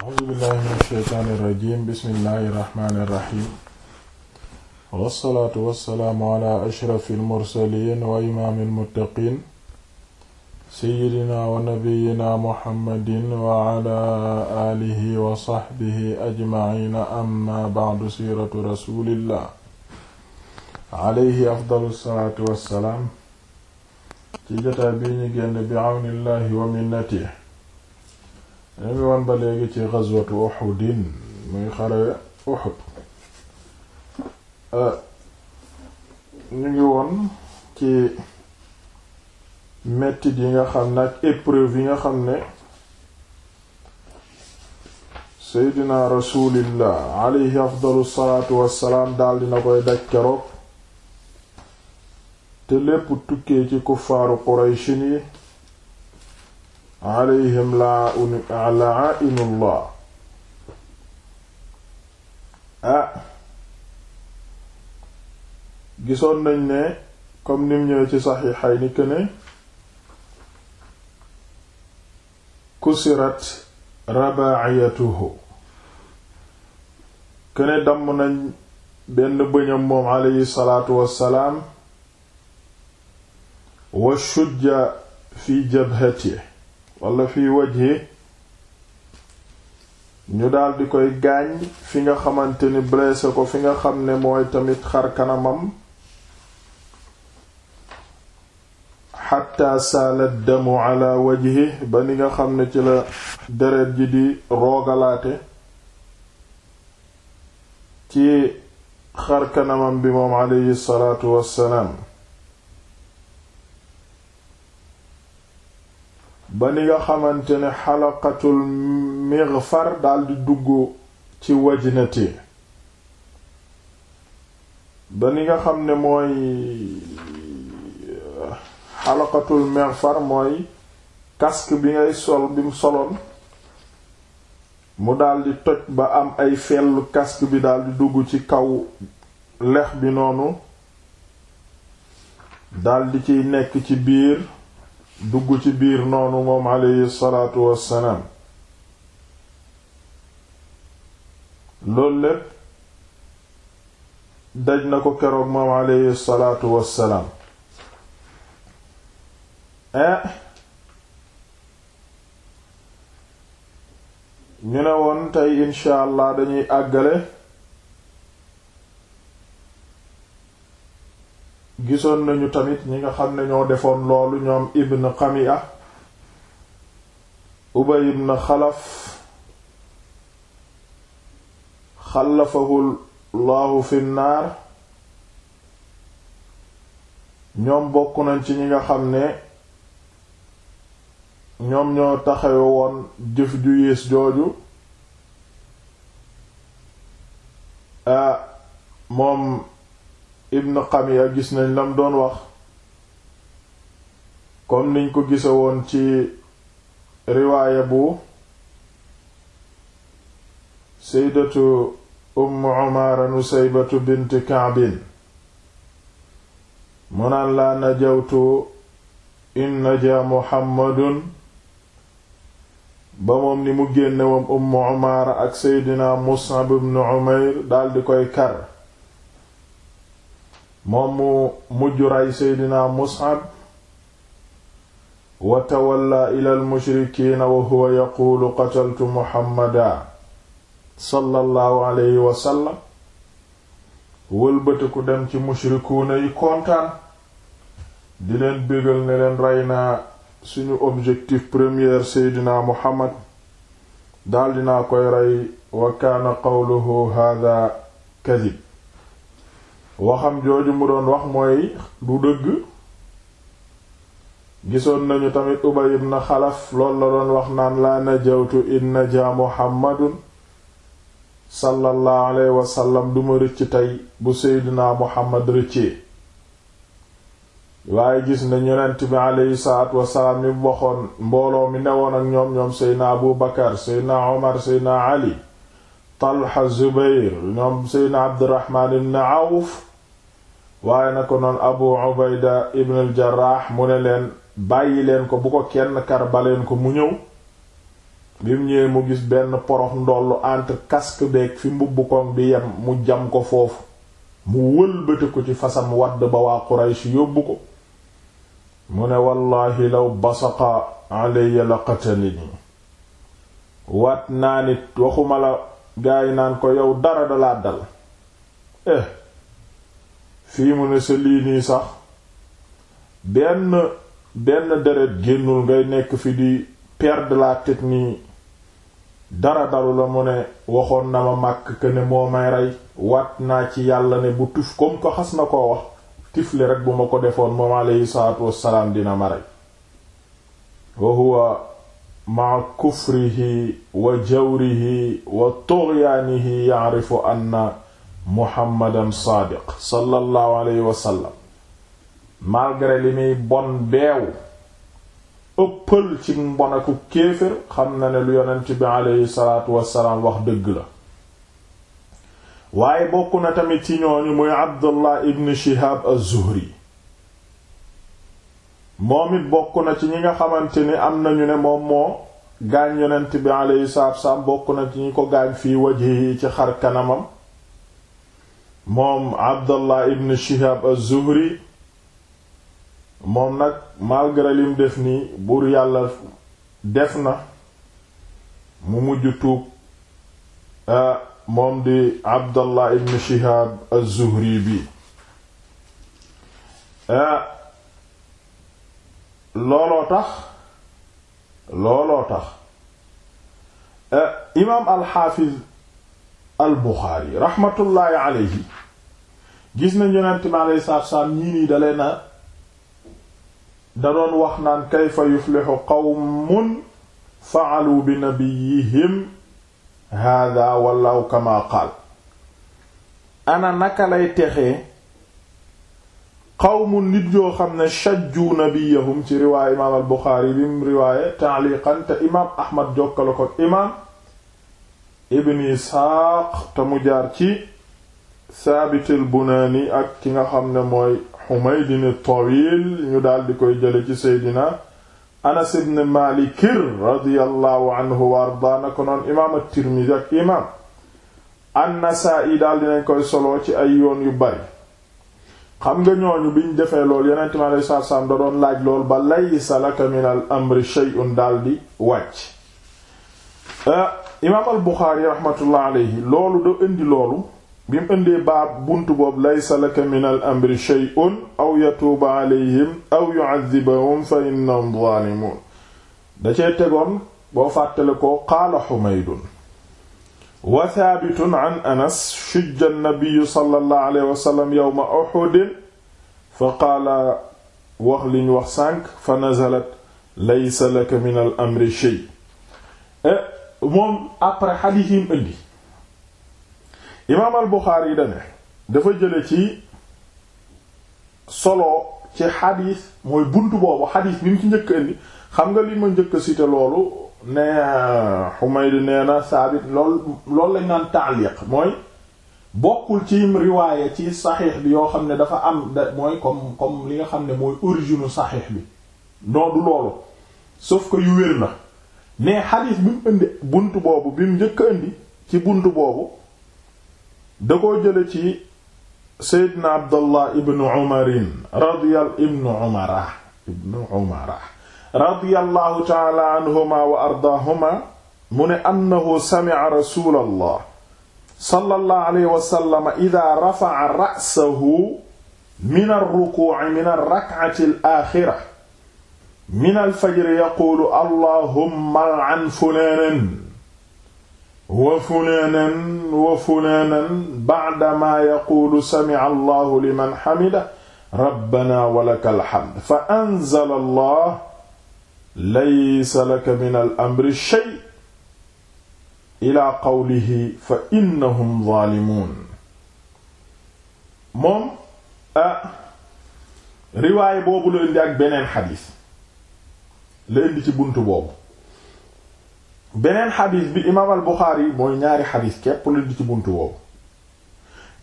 a'uuzu billahi mina shaytaani rajiim bismillahi rahmaani rahiim wassalaatu wassalaamu ala ashrafil mursaliin wa imaamil muttaqiin sayyidinaa wa nabiyyinaa muhammadin wa ala aalihi wa sahbihi ajma'iin amma ba'du siiratu rasuulillah alayhi afdalu salaatu wassalaam ci jotaay bi ñu génn bi awnillahi wa minnatihi ñu ngi woon ba léegi ci ghazwatu Uhudin muy xare Uhud euh, ñu ngi woon ci mettit yi nga xam ne ak épreuve yi nga xam ne seydina rasulillah alayhi afdalu salaatu wassalaam daal dina koy daj keroog te lépp tukkee ci kuffaaru Qurayshin yi alayhim la'inullah ah gisoon nañ ne comme nim ñëwee ci saxiixayni këne kusirat rabaayatuhu këne damm nañ benn bëñam moom aleyhi salaatu wassalaam wa shujja fi jabhatihi wala fii wajhi ñu daal di koy gaañ fi nga xamante ni blessé ko fi nga xam ne mooy tamit xar kanamam xatta saalat damu ala wajhi ba ni nga xam ne ci la deret ji di roogalaate ci xar kanamam bi moom aleyhi salaatu wassalaam ba ni nga xamante ne xalaqatul mighfar daldi dugg ci wajnati ba ni nga xam ne mooy xalaqatul mighfar mooy casque bi ngay sol bi soloon mu daldi toj ba am ay fellu casque bi daldi dugg ci kaw lex bi noonu daldi ciy nekk ci biir dugg ci biir noonu moom aleyhi salaatu wassalaam loolu lépp daj na ko keroog moom aleyhi salaatu wassalaam eh ñu ne woon tey incha allah dañuy àggale gisoon nañu tamit ñi nga xam ne ñoo defoon loolu ñoom ibn Qami'a Ubay na Xalaf xalafahu laahu fi naar ñoom bokk nañ ci ñi nga xam ne ñoom ñoo taxawe woon jëf ju yées jooju ah, moom ibn Qamiya gis nañ lam doon wax kon niñ ko gise woon ci riwaaya bu saydatu umm umaara nusaybatu bint kaabin mu naan laa najawtu in najaa muhammadun ba moom ni mu génne wam umm umaara ak seydina mus'ab ibn umayr daldi koy kar moom mu mujj rey seydina mus'ab wa tawalla ila almushrikiina wa huwa yaquulu qataltu muhammada sallallahu alayhi wa sallam wëlbatiku dem ci mushrikuuna yi kontaan di leen bégal ne leen rey naa suñu objectif premier seydina muhammad daldi naa koy rey wa kaana qawluhu hada kadib waxam jooju mu doon wax mooy du dëgg gisoon nañu tamit Ubay ibn Xalaf loolu la doon wax naan laa najawtu in najaa Muhammadun sallallahu alayhi wasallam duma rëcc tey bu Seydina Muhammad rëccee waaye gis na yonent bi aleyhi salaatu wasalaam mi waxoon mbooloo mi newoon ak ñoom ñoom Seydina Abu Bakar Seydina Omar Seydina Ali Talha Zubayr ñoom Seydina Abdurrahman ibn Awf waaye na ko noon abu ubayda ibn al mu ne leen bàyyi leen ko bu ko kenn kar baleen ko mu ñëw bi mu mu gis benn porox ndollu entre casque beeg fi mbubb koŋ bi yem mu jam ko foofu mu wëlbati ko ci fasam wadd ba waa quraysh yóbbu ko mu ne wallaahi law basaqa alayya la qatalini waat naa nit waxuma la gaay naan ko yow dara dalaa dal eh, fii mu ne sa lii sax benn benn deret génnul ngay nekk fi di perdre la tête nii dara daru la mu ne waxoon na ma màkk que ne moo may rey waat naa ci yàlla ne bu tuf comme ko xas na koo wax tifle rek bu ma ko defoon moom aleyhi salaatu wassalaam dina ma rey wa huwa maa kufrihi wa jawrihi wa tughyaanihi ya'rifu anna muhammadan saadiq sallallahu alayhi wa sallam malgré li muy bon beew ëppal ci mbon aku kéefër xam na ne lu yonent bi aleyhi salaatu wassalaam wax dëgg la waaye bokk na tamit ci ñooñu muy abdullah ibn shihab az-zuhri moom it bokk na ci ñi nga xamante ni am na ñu ne moom moo gaañ yonent bi aleyhi salaatu wassalaam bokk na ci ñi ko gaañ fii waji yi ci xar kanamam moom abdallah ibn shihab az-zuhri moom nag malgré lim def nii buur yàlla def na mu mujj tuub moom di abdallah ibn shihab az-zuhri bi looloo tax looloo tax imaam al-hafiz al Buxaari raxmatullaahi gis nañ yonent mi alayhi salaatu salaam dalee na da doon wax naan kayfa yuflixu qawmun fa'alu bi nabiyihim haadaa walaw kamaa qaal ana naka lay texee qawmu nit yoo xam ne shajju nabiyahum ci riwaaya imaam al Buxaari bim riwaaya te imaam Ahmad jokkale ko imaam ibn isxaaq te mu jaar ci saabitil bunaani ak ki nga xam ne mooy xumaydin tawil ñu daldi koy jële ci seydina anas ibn malikir radiallahu anhu wa arda na ko noon imaam at-tirmidi ak imaam an-nasaa'i daldi nañ koy solo ci ay yoon yu bari xam nga ñooñu biñ defee lool yeneen mi alei satu salaam da doon laaj lool ba laysa laka min al amri shay'un daldi wàcc imaam al Buxaari raxmatullah alayhi loolu da indi loolu bi mu baab buntu boobu laysa laka min al amri shay'un aw yatuuba alayhim aw yu'adhibahum fàttale ko qaala xumaydun wa thaabitun an anas shujja nabiyu sallallahu alayhi wa sallam wax liñ wax sànq fa nazalat laka min al amri moom après xadiis yi mu indi imaam al Buxaari dane dafa jële ci solo ci xadiis mooy bunt boobu xadiis bi mu ci njëkk indi xam nga li ma njëkk cité loolu ne Humayd nee na saabit lool loolu lañ naan taaliq mooy bokkul ci riwaaya ci saxiix bi yoo xam ne dafa am da mooy comme comme li nga xam ne mooy origine saxiix bi non du loolu sauf que yu wér na mais xadiis bi mu indi bunt boobu bi mu njëkk indi ci bunt boobu da koo jële ci seydna abdallah ibnu umarin radiyal ibnu umara ibnu umara radiyallahu taala anhuma wa ardaahuma mu ne annahu sami'a rasulallah sallallahu alayhi wa sallam idaa rafa'a ra'sahu min ar-rukuu'i min ar-rak'ati al-aaxira min alfajri yaquulu allahumma al'an fulaanan wa fulaanan wa fulaanan ba'damaa yaquulu sami'a allahu liman hamidah rabbanaa wa lakal hamd fa anzala allah laysa laka min al-amri shay' ilaa qawlihi fa innahum zaalimuun moom ah riwaay boobu la indi ak beneen xadiis la indi ci buntu boobu beneen xadis bi imaam al Buxaari mooy ñaari xadis képp la indi ci buntu boobu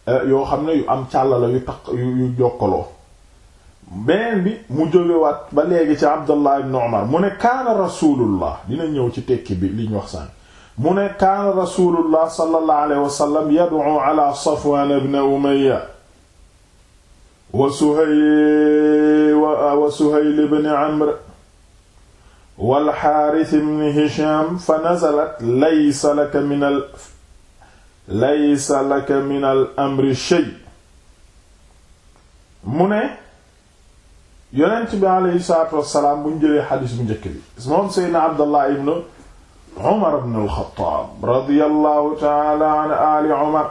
eh, yoo xam ne yu am càllala yu taq yu jokkaloo beneen bi mu jógewaat ba léegi ci Abdullah ibn Umar mu ne kaana dina ñëw ci tekki bi li wax sànq mu ne kaana rasulullah sallallahu alayhi wa sallam yad'u wa wa Suhayl ibn Amr wal Haaris ibn Hisham fa nazalat laysa laka min al laysa laka min al amri shay mu ne yonent bi aleyhi salaatu wassalaam bu ñu jëlee xadiis bu njëkk bi moom Seydina Abdallah ibn Umar ibn al-Khattab radiyallahu ta'ala an aali Umar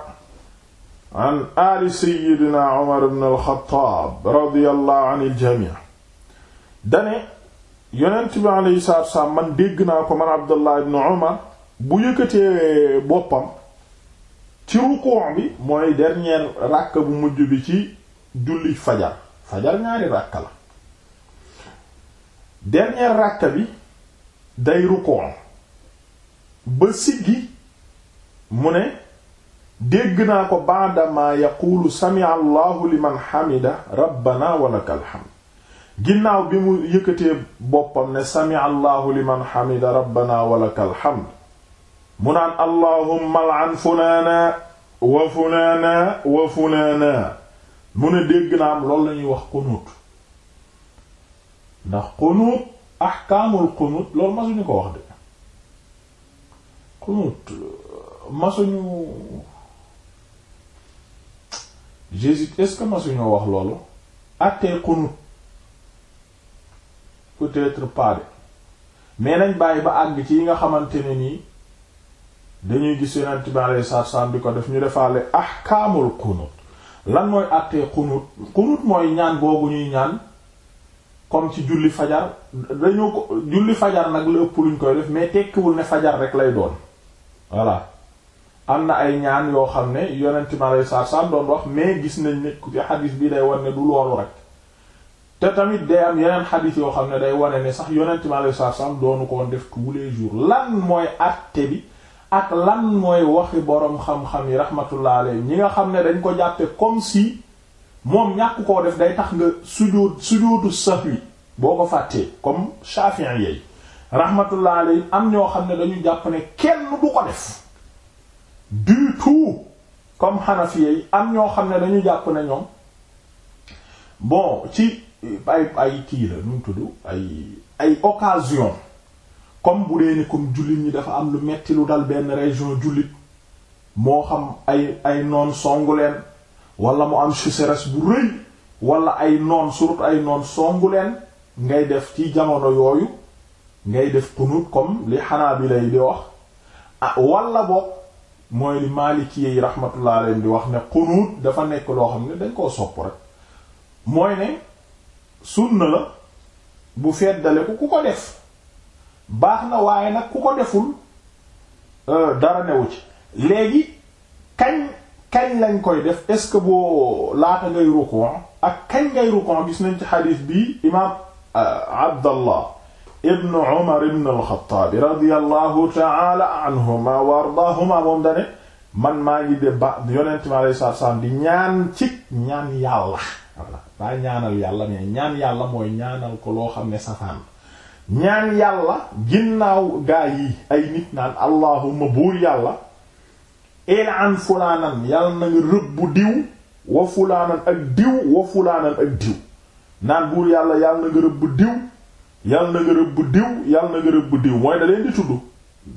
an aali Seydina Umar ibn al-Khattab radiyallahu an al-jamii dane yonent bi alayhi salaatu wasalaam man dégg naa ko man Abdullah ibn Umar bu yëkkatee boppam ci rukkoo bi mooy dernier ràkk bu mujj bi ci julli fajar fajar ñaari ràkk la dernier ràkk bi day rukkoo ba siggi mu ne dégg naa ko ba'da ma yaqulu sami'a Allahu liman hamida rabbana wa lakal hamd ginnaaw bi mu yëkkatee boppam ne sami'a allahu liman hamida rabbana walakal hamd mu naan allahumma al'an funaana wa funaana wa funaana mu ne dégg naa am loolu la ñuy wax xunuut ndax xunuut ahkaamul xunuut loolu masuñu ko wax de xunuut masuñu j'hésite est-ce que masuñoo wax loolu attee xunuut peut-être mais nañ bàyyi ba àgg ci yi nga xamante ne nii dañuy gis yonent bi alayhi salaatu bi ko def ñu defaale ahkaamul qunut lan mooy àttee qunut qunut mooy ñaan boobu ñuy ñaan comme ci julli fajar dañu ko julli fajar nag la ëpp luñ koy def mais tekkiwul ne fajar rek lay doon voilà am na ay ñaan yoo xam ne yonent bi alayhi salaatu salaam doon wax mais gis nañ ne ku ci xadiis bi day war ne du loolu rek. te tamit day am yeneen xadiis yoo xam ne day wane ne sax yonent mi alayhi salaatu salaam doonu ko woon def tous les jours lan mooy àtte bi ak lan mooy waxi boroom xam-xam yi rahmatullah alayhi ñi nga xam ne dañ ko jàppe comme si moom ñàkk koo def day tax nga sujuud sujuudu sahwi boo ko fàttee comme Shafi'i yi rahmatullah alayhi am ñoo xam ne dañu jàpp ne kenn du ko def du tout comme Hanafi yi am ñoo xam ne dañu jàpp ne ñoom bon ci ay ay kii la nu mu tudd ay ay occasion comme bu dee ni comme jullit ñi dafa am lu metti lu dal benn région jullit moo xam ay ay noon songu leen wala mu am sécheresse bu rëy walla ay noon surtout ay noon songu leen ngay def ci jamono yooyu ngay def qunut comme li bi yi di wax ah wala boog mooy li Maliki yi rahmatullah alayhi di wax ne qunut dafa nekk loo xam ne dañ koo sopp rek mooy ne sunna la bu feddale ko ku ko def baax na waaye nag ku ko deful euh, dara newu ci léegi kañ kañ lañ koy def est-ce que boo laata ngay ruku ak kañ ngay ruku gis nañ ci xadiis bi imaam euh, Abdallah ibn Umar ibn al-Khattab ta'ala anhuma wa ardaahuma moom dane man maa ngi de ba yonent mi alayhi salaatu salaam di ñaan ci ñaan yàlla pas ñaanal yàlla mais ñaan yàlla mooy ñaanal ko loo xam ne safaan ñaan yàlla ginnaaw gaa yi ay nit naan allahuma buur yàlla el an fulaanan yàlla na nga rëbb diw wa fulaanan ak diw wa fulaanan ak diw naan buur yàlla yàlla na nga rëbb diw yàlla na nga rëbb diw yàlla na nga rëbb diw mooy da leen di tudd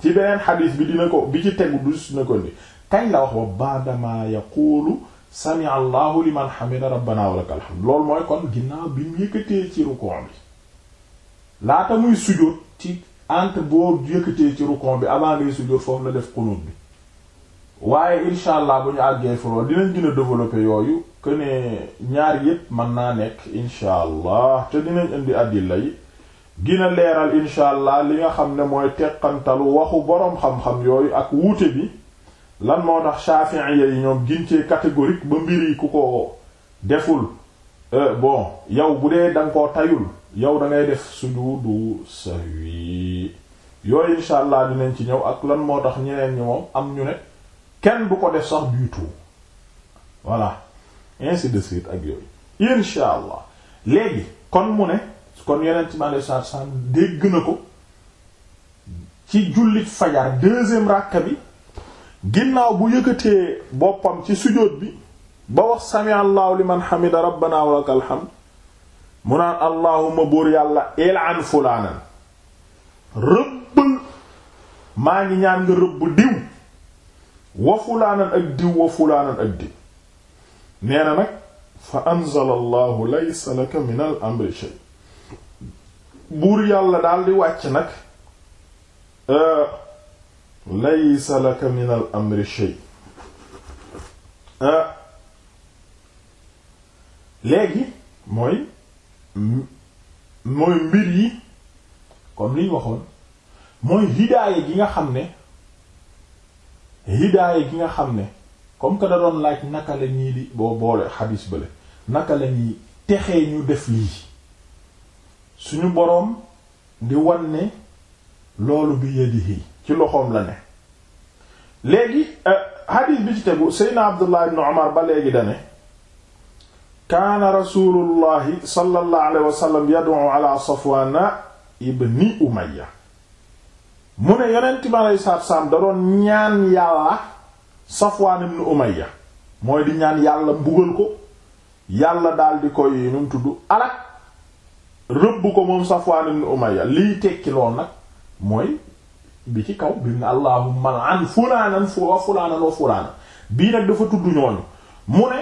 ci beneen xadiis bi dina ko bi ci tegu dus na ko ni kañ la wax wa baadama yaqulu sami allahu liman hamida rabbana walakal hamd loolu mooy kon ginnaaw bi mu yëkkatee ci rukon bi laata muy sujjóot ci entre boo yëkkatee ci rukon bi avant ngay sujjóot foofu la def qunut bi waaye insha allah bu ñu àggee folo dinañ gën a yooyu que ñaar yépp mën naa nekk insha allah te dinañ indi àddila yi gina leeral insha allah li nga xam ne mooy teqantalu waxu boroom xam-xam yooyu ak wuute bi lan moo tax Shafi'i yi ñoom gin cee catégorique ba mbir yi ku ko deful euh, bon yow bu dee da ko koo tayul yow da ngay def sujudu sahwi yooyu insha allah dinañ ci ñëw ak lan moo tax ñeneen ñi moom am ñu ne kenn du ko def sax du tout voilà ainsi de suite ak yooyu insha allah léegi kon mu ne kon yeneen ci male sar san dégg na ko ci jullit fajar deuxième ràkka bi ginnaaw bu yëkkatee boppam ci sujjóot bi ba wax sami allahu liman hamida rabbana wa lakal mu naan allahuma buur yàlla ilaan fulaanan rëbbal maa ngi ñaan nga rëbb diw wa fulaanan ak diw wa fulaanan ak diw nee na nag fa anzala allahu laysa laka min al amri shay buur yàlla daal di wàcc nag euh, laysa laka min al amri shay ah léegi mooy mooy mbir yi comme liñ waxoon mooy hidaaya gi nga xam ne hidaaya gi nga xam ne comme que da doon laaj naka la ñuy di boo boole xadis bale naka la yi texee ñu def lii suñu boroom di wan ne loolu bi yadihi ci loxoom la ne léegi euh, hadith bi ci tegu seydna abdullah ibn umar ba léegi dane kaana rasulullahi sallallahu alayhi wa sallam yad'u ala safwana mu ne yonent bi alayhi salaatu salaam da doon ñaan yàlla safwan ibn umayya mooy di ñaan yàlla mbugal ko yàlla daal di koy nu mu tudd alak rëbb ko moom safwan ibn umayya liy tekki lool nag mooy bi ci kaw bi nga allahumma al'an fulaanan wa fulaanan wa fulaanan bii nag dafa tudd ñooñu mu ne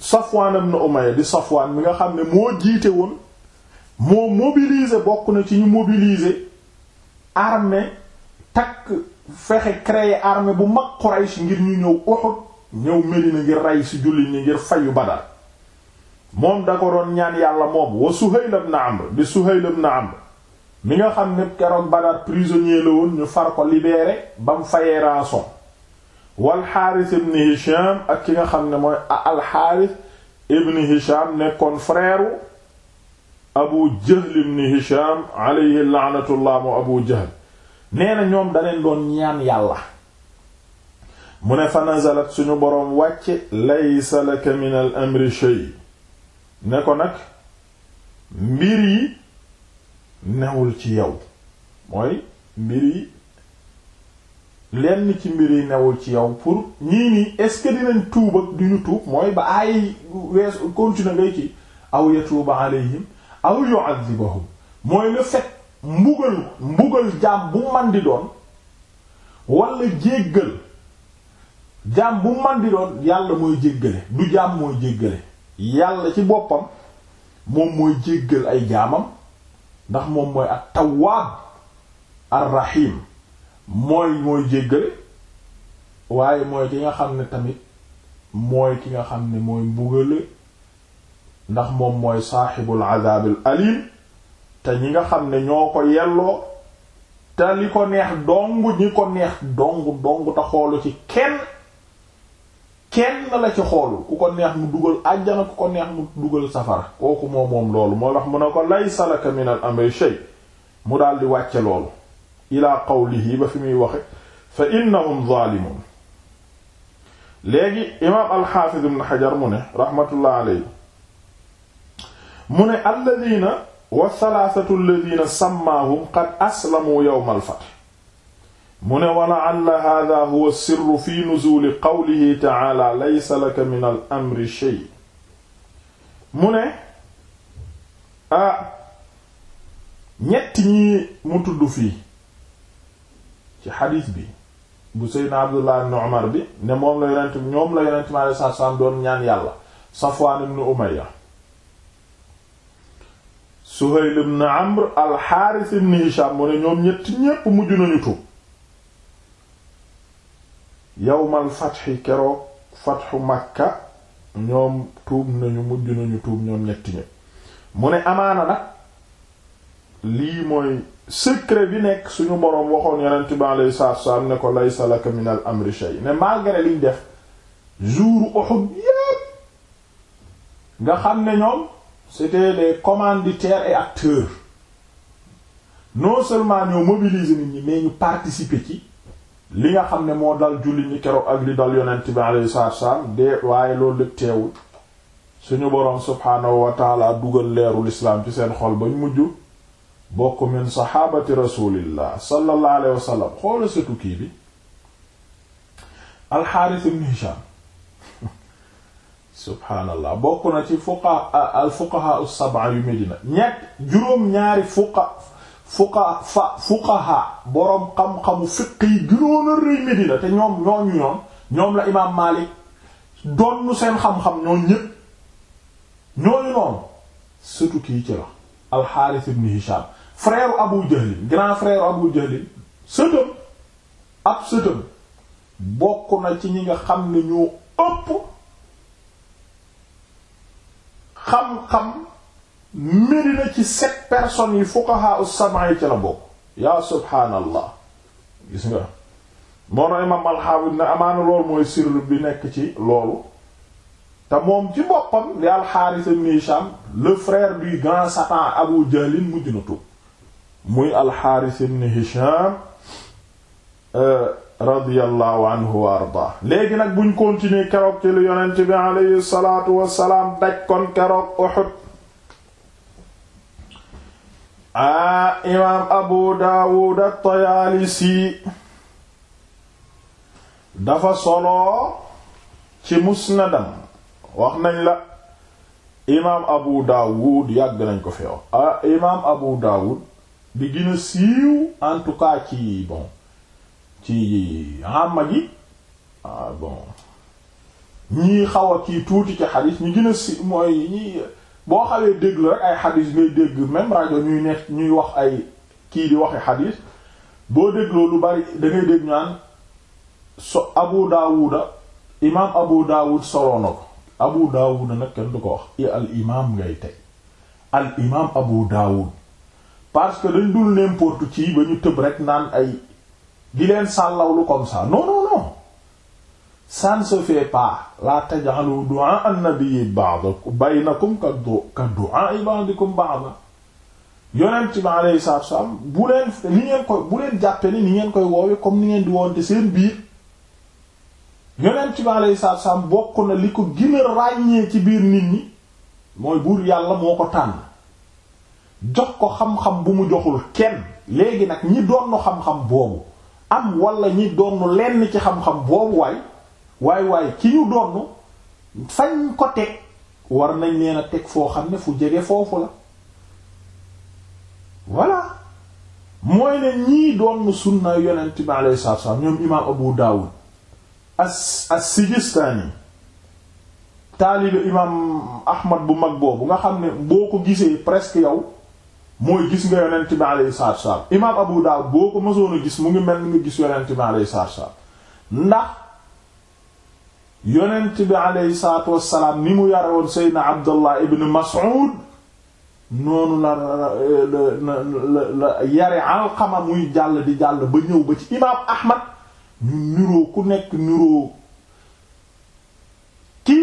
Safwaan ibn Umayya di Safwaan mi nga xam ne moo jiite woon moo mobiliser bokk na ci ñu mobilise armée takk fexe créer armée bu mag Quraysh ngir ñu ñëw Uhud ñëw Medina ngir rey ci jullit ñi ngir fayu Badar moom da ko doon ñaan yàlla moom wa Suhayl ibn Amr di Suhayl ibn Amr mi nga xam ne keroog Badar prisonnier la ñu far ko libéré ba mu fayee rançon wal Xaaris ibn Hisham ak ki nga xam ne mooy al Xaaris ibn Hisham nekkoon frère Abu Jahl ibn Hisham alayhi la'natullah mu Abu Jahl nee na ñoom da leen doon ñaan yàlla mu ne fa nazalat suñu boroom wàcce laysa laka min al amri shay ne ko nag mbir yi newul ci yow mooy mbir lenn ci mbir yi newul ci yow pour ñii nii est-ce dinañ tuub ak duñu tuub mooy ba ay wees continuer ngay ci aw yatuuba alayhim aw yu'adhibahum mooy le fait mbugal mbugal jaam bu man di doon wala jéggal jaam bu man di doon yàlla mooy jéggale du jaam mooy jéggale yàlla ci boppam moom mooy jéggal ay jaamam ndax moom mooy ak tawaab arrahim mooy mooy jéggale waaye mooy ki nga xam ne tamit mooy ki nga xam ne mooy mbugale ndax moom mooy saaxibul adaabil alim te ñi nga xam ne ñoo ko yelloo te li ko neex dong ñi ko neex dong dong te xoolu ci kenn kenn la ci xool ku ko neex mu dugal àjjana ku ko neex mu dugal safara kooku moom moom loolu moo lax mu ne ko laysa laka min al amri mu daal di wàcce loolu ilaa qawlihi ba fi muy waxe fa innahum zaalimun léegi imaam alxaafiz ibn xajar mu ne raxmatullah aley mu ne alladina wa thalathatu alladina sammaahum qad aslamu yawm al mu ne wala alla hada huwa sirru fi nuzuli qawlihi taala laysa laka min al amri mu ne ah ñetti ñi mu tudd fii ci xadiis bi bu seydna abdullah ibn bi ne moom la yonent ñoom la yonent mi doon ñaan yàlla safwaan ibn umayya suhayl ibn amr al xaaris ibn hisham mu ne ñoom ñetti ñépp mujj nañu tuub yawmal fatxi keroog fatxu makka ñoom tuub nañu mujj nañu tuub ñoom ñetti ñi mu ne amaana nag lii mooy secret bi nekk suñu boroom waxoon yonent bi alayhi salaatu wassalaam ne ko laysa laka min al amri shay ne malgré liñ def jour Uhud yépp nga xam ne ñoom c'était les commande et acteurs non seulement ñoo mobiliser nit ñi mais ñu participer ci li nga xam ne moo dal julli ñi keroog ak li dal yonent bi alayhi salaatu wassalaam de waaye loolu lépp teewul suñu boroom subhaanahu wa taala dugal leeru lislaam ci seen xol bañ mujj bokk min saxaabati rasulillah sallallahu alayhi wa sallam xoola sa kii bi alxaaris ibn hisham subhaanallah bokk na ci fuqaha al fuqaha as yu medina ñett juróom ñaari fuqa fuqa fa fuqaha boroom xam-xamu fiq yi gënoon a rëy Medina te ñoom ñooñu ñoom ñoom la imaam Maalik donnu seen xam-xam ñooñu ñépp ñooñu noonu surtout kii ci la al-Harith ibn frère Abu Jahl grand frère Abu Jahl sëtëm ab sëtëm bokk na ci ñi nga xam ne ñoo ëpp xam-xam Medina ci sept personnes yi fuqaha as-sab'a ci la bokk yaa subhaanallah gis nga moo na imaam alxaafis amaana loolu mooy sirr bi nekk ci loolu te moom ci boppam li al-Haaris ibn Hishaam le frère du grand satan Abu Jahl mujj na muy al-Haaris ibn Hishaam euh, anhu wa ardaa léegi nag buñ continuer keroog ci lu yonent bi alayhi salaatu wassalaam daj kon keroog Uhud a ah, imaam abu daawud at-tayaalisi dafa solo ci musnadam wax nañ la imaam abu daawud yàgg nañ ko fi wax ah, imaam abu daawud bi gën a siiw en tout cas ci bon ci àmma gi ah bon ñii xaw kii tuuti ci xadiis ñi gën a siiw mooy ñi boo xawee déglu rek ay xadis ngay dégg même rajo ñuy nekk ñuy wax ay kii di waxi xadis boo dégloo lu bari da ngay dégg ñaan so Abu Daawuda imaam Abu Daawud soloo ko Abu Daawuda nag kenn du ko wax i al imaam ngay teg al imaam Abu Daawud parce que dañ dul n'importe ci ba ñu tëb rek naan ay di leen sàllawlu comme ça ça ne se fait pas la taj'alu du'a an-nabi na baynakum ka du'a ba'dikum ba'da yonent bi alayhi salaatu wasallam bu leen ni ngeen koy bu leen jàppe ni ni ngeen koy woowe comme ni ngeen di woonte seen biir yonent bi alayhi salaatu wasallam bokk na li ko gën ràññee ci biir nit ñi mooy buur yàlla moo ko tànn jox ko xam-xam bu mu joxul kenn léegi nag ñi doon xam-xam boobu am wala ñi doon lenn ci xam-xam boobu waaye waay waaye ki ñu donn fañ ko teg war nañ leen a teg foo xam ne fu jege foofu la voilà mooy ne ñii doon sunna yonent bi alayhi salaatu salaam ñoom imaam Abu Dawud as as Sijistaani taalibe imaam Ahmad bu mag boobu nga xam ne boo ko gisee presque yow mooy gis nga yonent bi alayhi salaatu salaam imaam Abu Dawud boo ko mësoon a gis mu ngi mel ni nga gis yonent bi alayhi salaatu salaam ndax. yonent bi aleyhi salaatu wassalaam ni mu yare woon seydna abdullah ibn mas'ud noonu la la yare alxama muy jàll di jàll ba ñëw ba ci imaam ahmad ñu niroo ku nekk niroo ki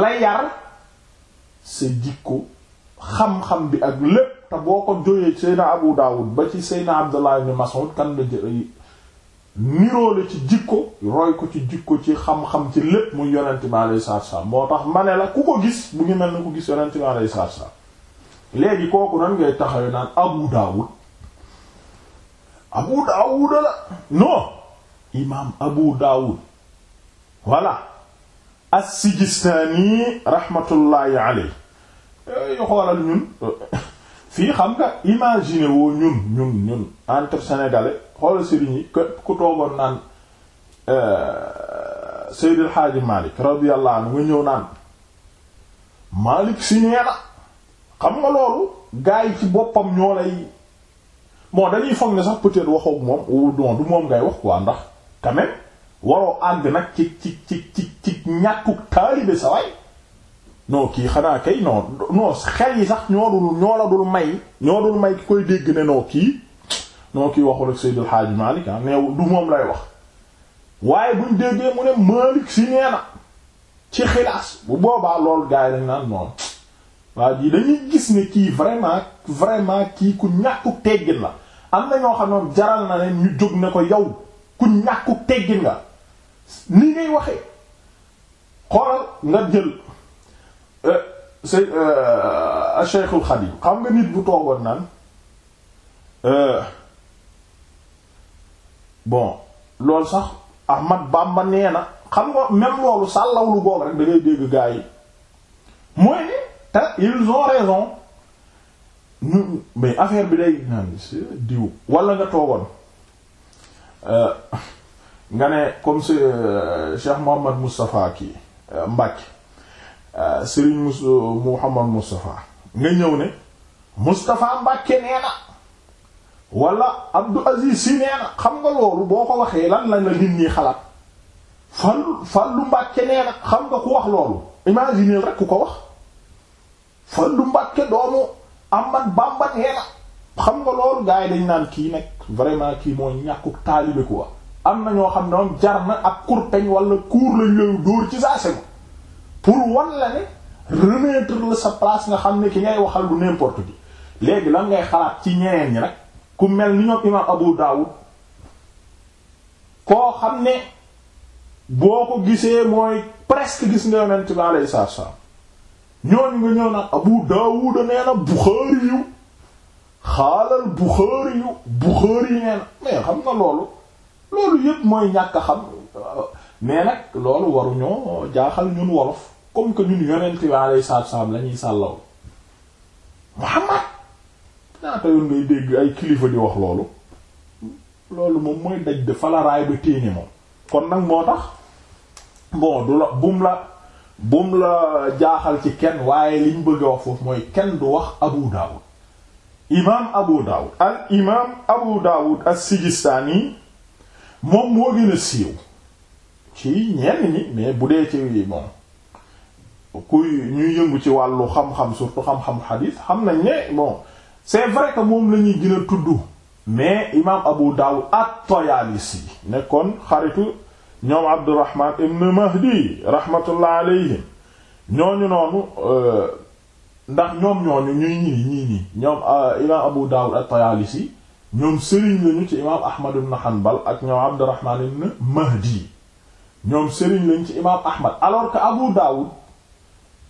la yar sa jikko xam-xam bi ak lépp te boo ko jóyee seydna abu daawud ba ci seydna abdullah ibn mas'ud kan la jël niroo la ci jikko roy ko ci jikko ci xam-xam ci lépp muy yonent bi alayhi salaatu salaam moo tax ma ne la ku ko gis bu ngi mel ni ku gis yonent bi alayhi salaatu salaam léegi kooku nan ngay taxawe naan Abu Daawud Abu Daawud la non imaam Abu Daawud voilà as-Sijistaani rahmatullahi alayhi eh, ñun fii xam nga imaginer woo ñun ñun entre sénégalais xoola sëriñ yi ku toogoon naan euh, Seydil Hadji Malick radiyallahu anhu nga ñëw naan Malick si nee na xam nga loolu gaa yi ci boppam ñoo lay bon dañuy foog ne sax peut waxoog moom ou non du moom ngay wax quoi ndax tamit même waroo àgg nag ci ci ci ci ci ñàkkuk taalibe kii xanaa kay non xel yi sax ñoo dul ñoo la dul may ñoo dul may koy dégg ne non kii noo kii waxul ak Seydil Hadji Malick ah neew du moom lay wax waaye buñ déggee mu ne Malick si nee ci xilaas bu boobaa loolu gars yi dañ noonu waa ji dañuy gis ne kii vraiment vraiment kii ku ñàkku teggin la am na ñoo xam ne jaral na ne ñu jóg ne ko yow ku ñàkku teggin nga ni ngay waxe xoolal nga jël euh, say euh, Cheikhul Khadim xam nga nit bu toogoon naan euh, bon loolu sax Ahmad Bamba nee na xam nga même loolu sàllawlu goog rek da ngay dégg gaa yi mooy ni te ils ont raison ñu mais affaire bi day naan diw wala nga toogoon euh, nga ne comme si euh, Cheikh Mohammed Moustapha kii euh, Mbacke Serigne Moussa Mouhamad Moustapha nga ñëw ne Moustapha Mbacke nee wala Abdou Aziz si nee xam nga loolu boo ko waxee lan lañ la nit ñi xalaat Fallou Fallou Mbàkke nee na xam nga ku wax loolu imaginer rek ku ko wax Fallou Mbàkke doomu Ahmad Bamba nee na xam nga loolu gars yi dañ naan kii nag vraiment kii mooy ñàkkuk taalibe ku wax am na ñoo xam ne moom jar na ak kurpeñ wala kuur lañ lay dóor ci saa sema pour wan la ne remettre la sa place nga xam ne ki ngay waxal du n'importe qui léegi lan ngay xalaat ci ñeneen ñi ku mel ni ñoom imaam Abu Dawud koo xam ne boo ko gisee mooy presque gis nga yonent bi alayhi salaatu salaam ñooñu nga ñëw nag Abu Dawud nee na Buxaari yu xaalal Buxaari yu Buxaari nee na mais xam nga loolu loolu yépp mooy ñàkk a xam mais nag loolu waruñoo jaaxal ñun wolof comme que ñun yonent bi alayhi salaatu salaam la ñuy sàllaw Muhammad ñaata yoon ngay dégg ay kilifa di wax loolu loolu moom mooy daj de falaraay ba téeni moom kon nag moo tax bon du la bum la bum la jaaxal ci kenn waaye liñ bëgg a wax foofu mooy kenn du wax Abu Dawud imaam Abu Dawud al imaam Abu Dawud as-Sijistaani moom moo gën a siiw ci ñenn ñi mais bu dee ci moom kuy ñuy yëngu ci wàllu xam-xam surtout xam-xam xadiis xam nañ ne bon c'est vrai que moom la ñuy gën a tudd mais imaam Abu Dawud at-Tayalisi nekkoon xaritu ñoom Abdurrahman ibn Mahdi rahmatullah alayhim ñooñu noonu euh, ndax ñoom ñoo ñu ñii ñii ñoom euh, imaam Abu Dawud at-Tayalisi ñoom sëriñ lañu ci imaam Ahmad ibn Hanbal ak ñoom Abdurrahman ibn Mahdi ñoom sëriñ lañu ci imaam Ahmad alors que Abu Dawud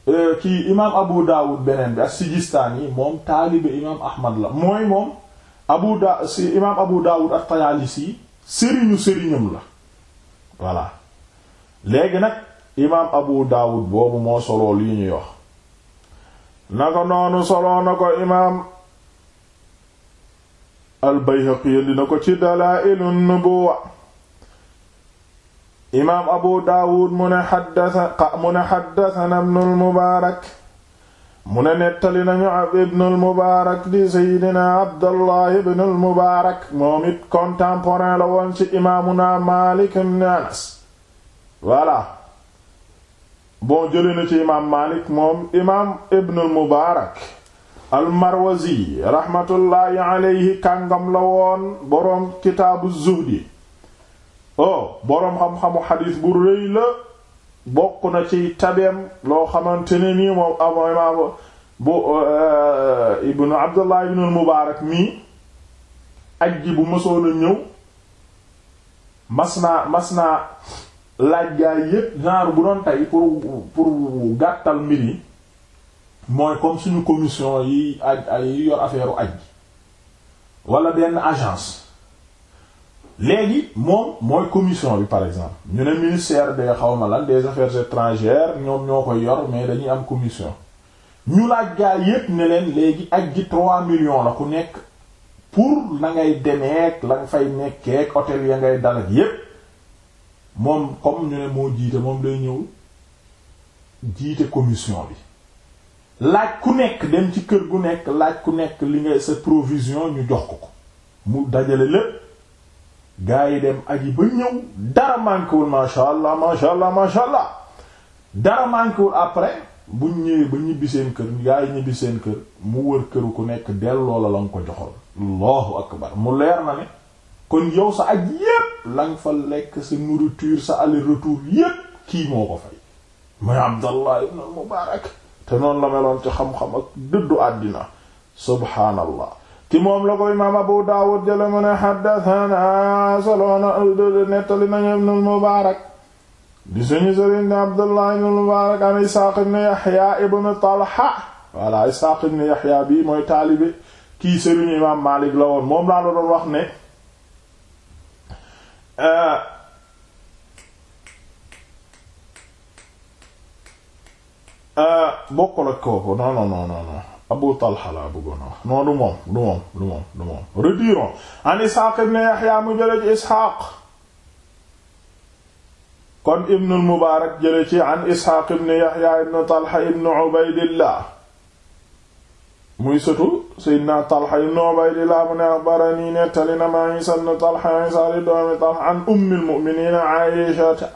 Euh, kii imaam Abu Dawud beneen bi ak Sijistaani moom taalibe imaam Ahmad la mooy moom Abu Da si imaam Abu Dawud at-Tayaalisi sëriñu sëriñam la voilà léegi nag imaam Abu Dawud boobu moo soloo lii ñuy wax naka noonu soloo na ko imaam al dina ko ci Dalaa'ilun Nubuwwa imaam abu daawud mu ne xaddasa mu ne xaddasana ibnul mubaarak mu ne nettali nañu ab ibnul mubaarak di seydina abdallah ibnul mubaarak moom it contemporain la woon ci imaamuna maalik ibn anas voilà bon ci imaam maalik moom imaam ibnul mubaarak almarwazi raxmatullaahi aleyhi kàngam la woon boroom kitaabu zuhdi oh boroom xam-xamu xadiis bu rëy la bokk na ci tabeem loo xamante ne nii moom am imaam bu eh, ibnu abdullah ibnu mubaarak mii ajji bu mësoon a ñëw mas naa mas naa laaj gaay yépp genre bu doon tey pour pour gàttal mbir yi mooy comme suñu commission yi ay ay yor affaire u aj wala benn agence léegi moom mooy commission bi par exemple ñu ne ministère de xaw ma lan des affaires étrangères ñoom ñoo ko yor mais dañuy am commission ñu laaj gaa yépp ne leen léegi ak ji 3 millions la ku nekk pour na ngay demeek la nga fay nekkeek hôtel ya ngay dal ak yépp moom comme ñu ne moo jiite moom day ñëw jiite commission bi laaj ku nekk dem ci kër gu nekk laaj ku nekk li ngay sa provision ñu jox ko ko mu dajale lépp gaa yi dem aji ba ñëw dara manquéwul masha allah masha allah masha allah dara manquéwul après bu ñëwee ba ñibbi seen kër gaa yi ñibbi seen kër mu wër këru ku nekk delloo la la nga ko joxoon allahu akbar mu leer na ne kon yow sa aj yépp la nga fa lekk sa nourriture sa aller retour yépp kii moo ko fay muy abdallah ibn al te noonu la meloon ci xam-xam ak dëddu àddina subhaanallah ci moom la ko imaam Abu Daawud jële mu ne xaddathana asaloona nettali nañu ibn al-Mubaarak di suñu sëriñ di Abdullah ibn al-Mubaarak an Isaaq ibn Yaxya ibn Talha walla Isaaq ibn Yaxya bi mooy taalibe kii sëriñu imaam Maalik la woon moom laa la wax ne euh, euh, bokk la kooku non non non Abu Talha laa bëggoon a wax an Isxaaq ibn Yaxya mu jële ci kon ibn al-Mubaarak jële ci an Isxaaq ibn Yaxya ibn Talha ibn Ubaydillah muy sëtu Seydina Talha ibn Ubaydillah mu ne axbaranii nettali na ma ibn Talha Iisaa di doomi Talha an ummil mu'miniina Aysata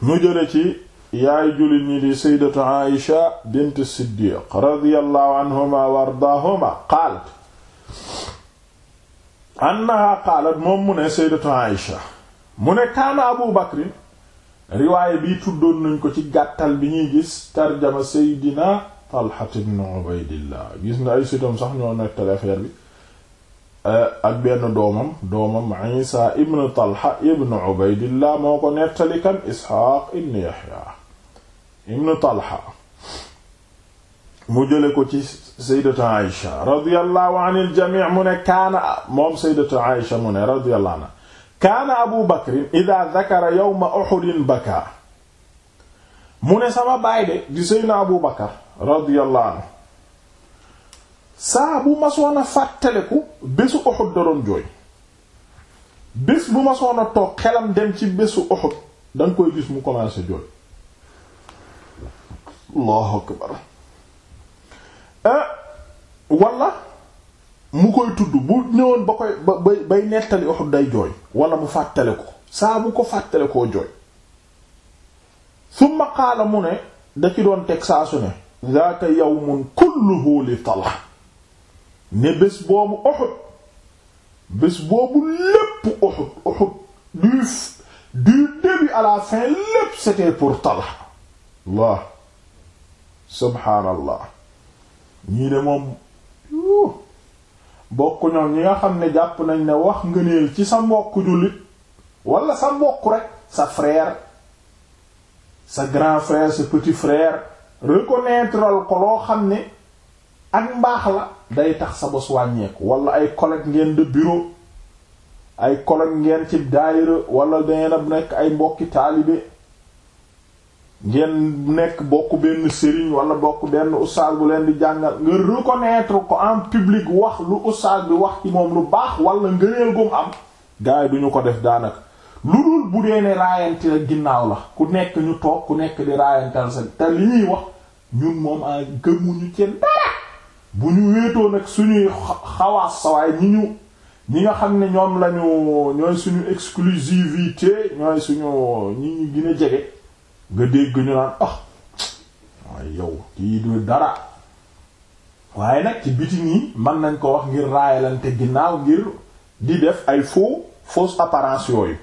mu jële ci yaay jullit ñi di saydatu aisha bint siddiq radiyallahu anhuma wa ardaahuma qaalat annaha qaalat moom mu ne saydatu aisha mu ne kaana abu bakrin riwaaye bii tuddoon nañ ko ci gàttal bi ñuy gis tarjama seydina talhat ibn ubaydillah gis nga ay sitam sax ñoo nettali affaire bi eh, ak benn doomam doomam isa ibn talha ibn ubaydillah moo ko nettali kan isxaaq ibn yahya ibnu Talha mu jële ko ci sayyidatu Aïsha radiyallahu anil jamii mu ne kaana moom sayyidatu Aïsha mu ne radiyallahu anha kaana Abu Bakr idha dhakara yawma Uhud baka mu ne sama baay de di sayyidina Abu Bakr radiyallahu anhu saa bu masoon a fàttaleku bésu Uhud da doon jooy bés bu masoon a toog xelam dem ci bésu Uhud danga koy gis mu commencé jooy allahu akbar eh, wala mu koy tudd bu ñëwoon ba koy ba bay nettali Uhud day jooy wala mu fàttale ko saa bu ko fàttale koo jooy summa qaala ne da ci doon teg saa su ne zaaka yawmun kulluhu li ne bés boobu Uhud bés boobu lépp Uhud Uhud du du début à lépp c'était pour tala Allah subhaanallah ñii de moom bokk ñoom ñi nga xam ne jàpp nañ ne wax ngëneel ci sa mbokk jullit walla sa mbokk rek sa frère sa grand frère sa petit frère reconnaître ko loo xam ne ak mbaax la day tax sa bos wàññeeku wala ay collègue ngeen de ay collègue ngeen ci daayira wala dangeen a nekk ay mbokki taalibe ngeen nekk bokk benn sëriñ wala bokk benn ustaas bu leen di jàngal nga reconnaître ko en public wax lu ustaas bi wax ci moom lu baax wala ngëneel gum am gars yi duñu ko def daanaka lu dul bu dee ne raayante ginnaaw la ku nekk ñu toog ku nekk di raayantal sa te li ñuy wax ñun moom en gëmuñu ci dara bu ñu wéetoo nag suñuy xawaas sawaay ñi ñu ñi nga xam ne ñoom lañu ñooy suñu exclusivité ñooy suñu ñi ñu gën a jege nga dégg ñu naan ah yow kii du dara waaye nag ci biti nii mën nañ ko wax ngir raayalante ginnaaw ngir di def ay faux fausse apparence yooyu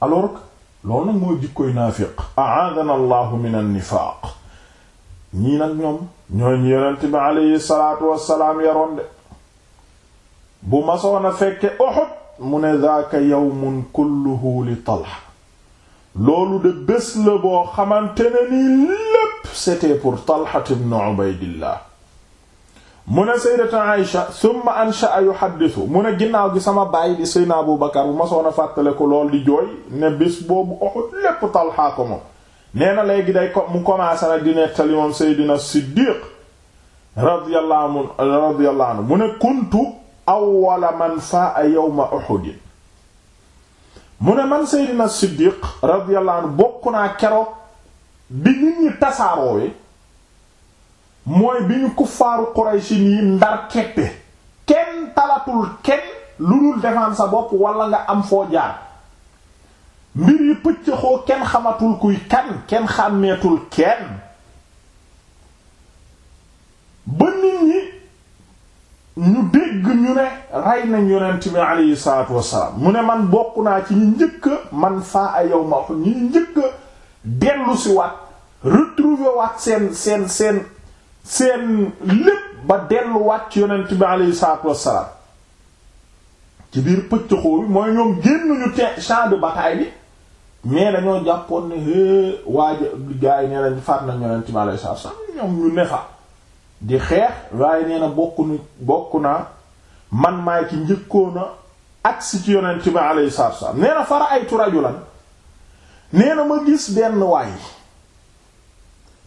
alors que loolu nag mooy jikkoy naafiq a'adana allahu min an-nifaaq ñii nag ñoom ñooy ñu yonent bi aleyhi wassalaam yaroon de bu masoon a fekke Uhud mu ne daaka yawmun kulluhu li Talha loolu de bés la boo xamante ne nii lépp c'était pour Talha ibn Ubaydillah mu ne sayyidatu Aïsha summa ansha'a yuhaddithu mu ne ginnaaw gi sama baay di Seydina Abu Bakar bu ma soon a fàttale ko lool di jooy ne bés boobu oxut lépp Talha ko moom nee léegi day ko mu commencé nag di nettali moom Seydina Siddiq radiyallahu anhu radiyallahu anhu mu ne kuntu awwala man fa'a yawma Uhud mu ne man Seydina Siddiq radiyallahu bokk naa keroog bi nit ñi tasaaroowe mooy bi ñu kuffaaru Quraysh yi ndar keppe kenn talatul kenn lu dul defaan sa bopp wala nga am foo jaar mbir yi pëccëxoo kenn xamatul kuy kan kenn xàmmeetul kenn ba nit ñi ñu dégg ñu ne rey nañ yonent bi alayhi salaatu wassalaam mu ne man bokk naa ci ñu njëkk man faa ay yow ma ñu njëkk dellu si waat retrouver waat seen seen seen seen lépp ba delluwaat ci yonent bi alayhi salaatu wassalaam ci biir pëcc xoo bi mooy ñoom génnuñu te champ de bataille bi mais dañoo jàppoon ne hé waaja gars yi nañ faat nañ yonent bi alayhi salaatu wassalaam ñoom ñu ne di xeex waaye nee na bokk bokk naa man maay ki njëkkoona agsi ci yonent bi alayhi salaatu wassalaam neena na fara aytu rajulan nee ma gis benn waay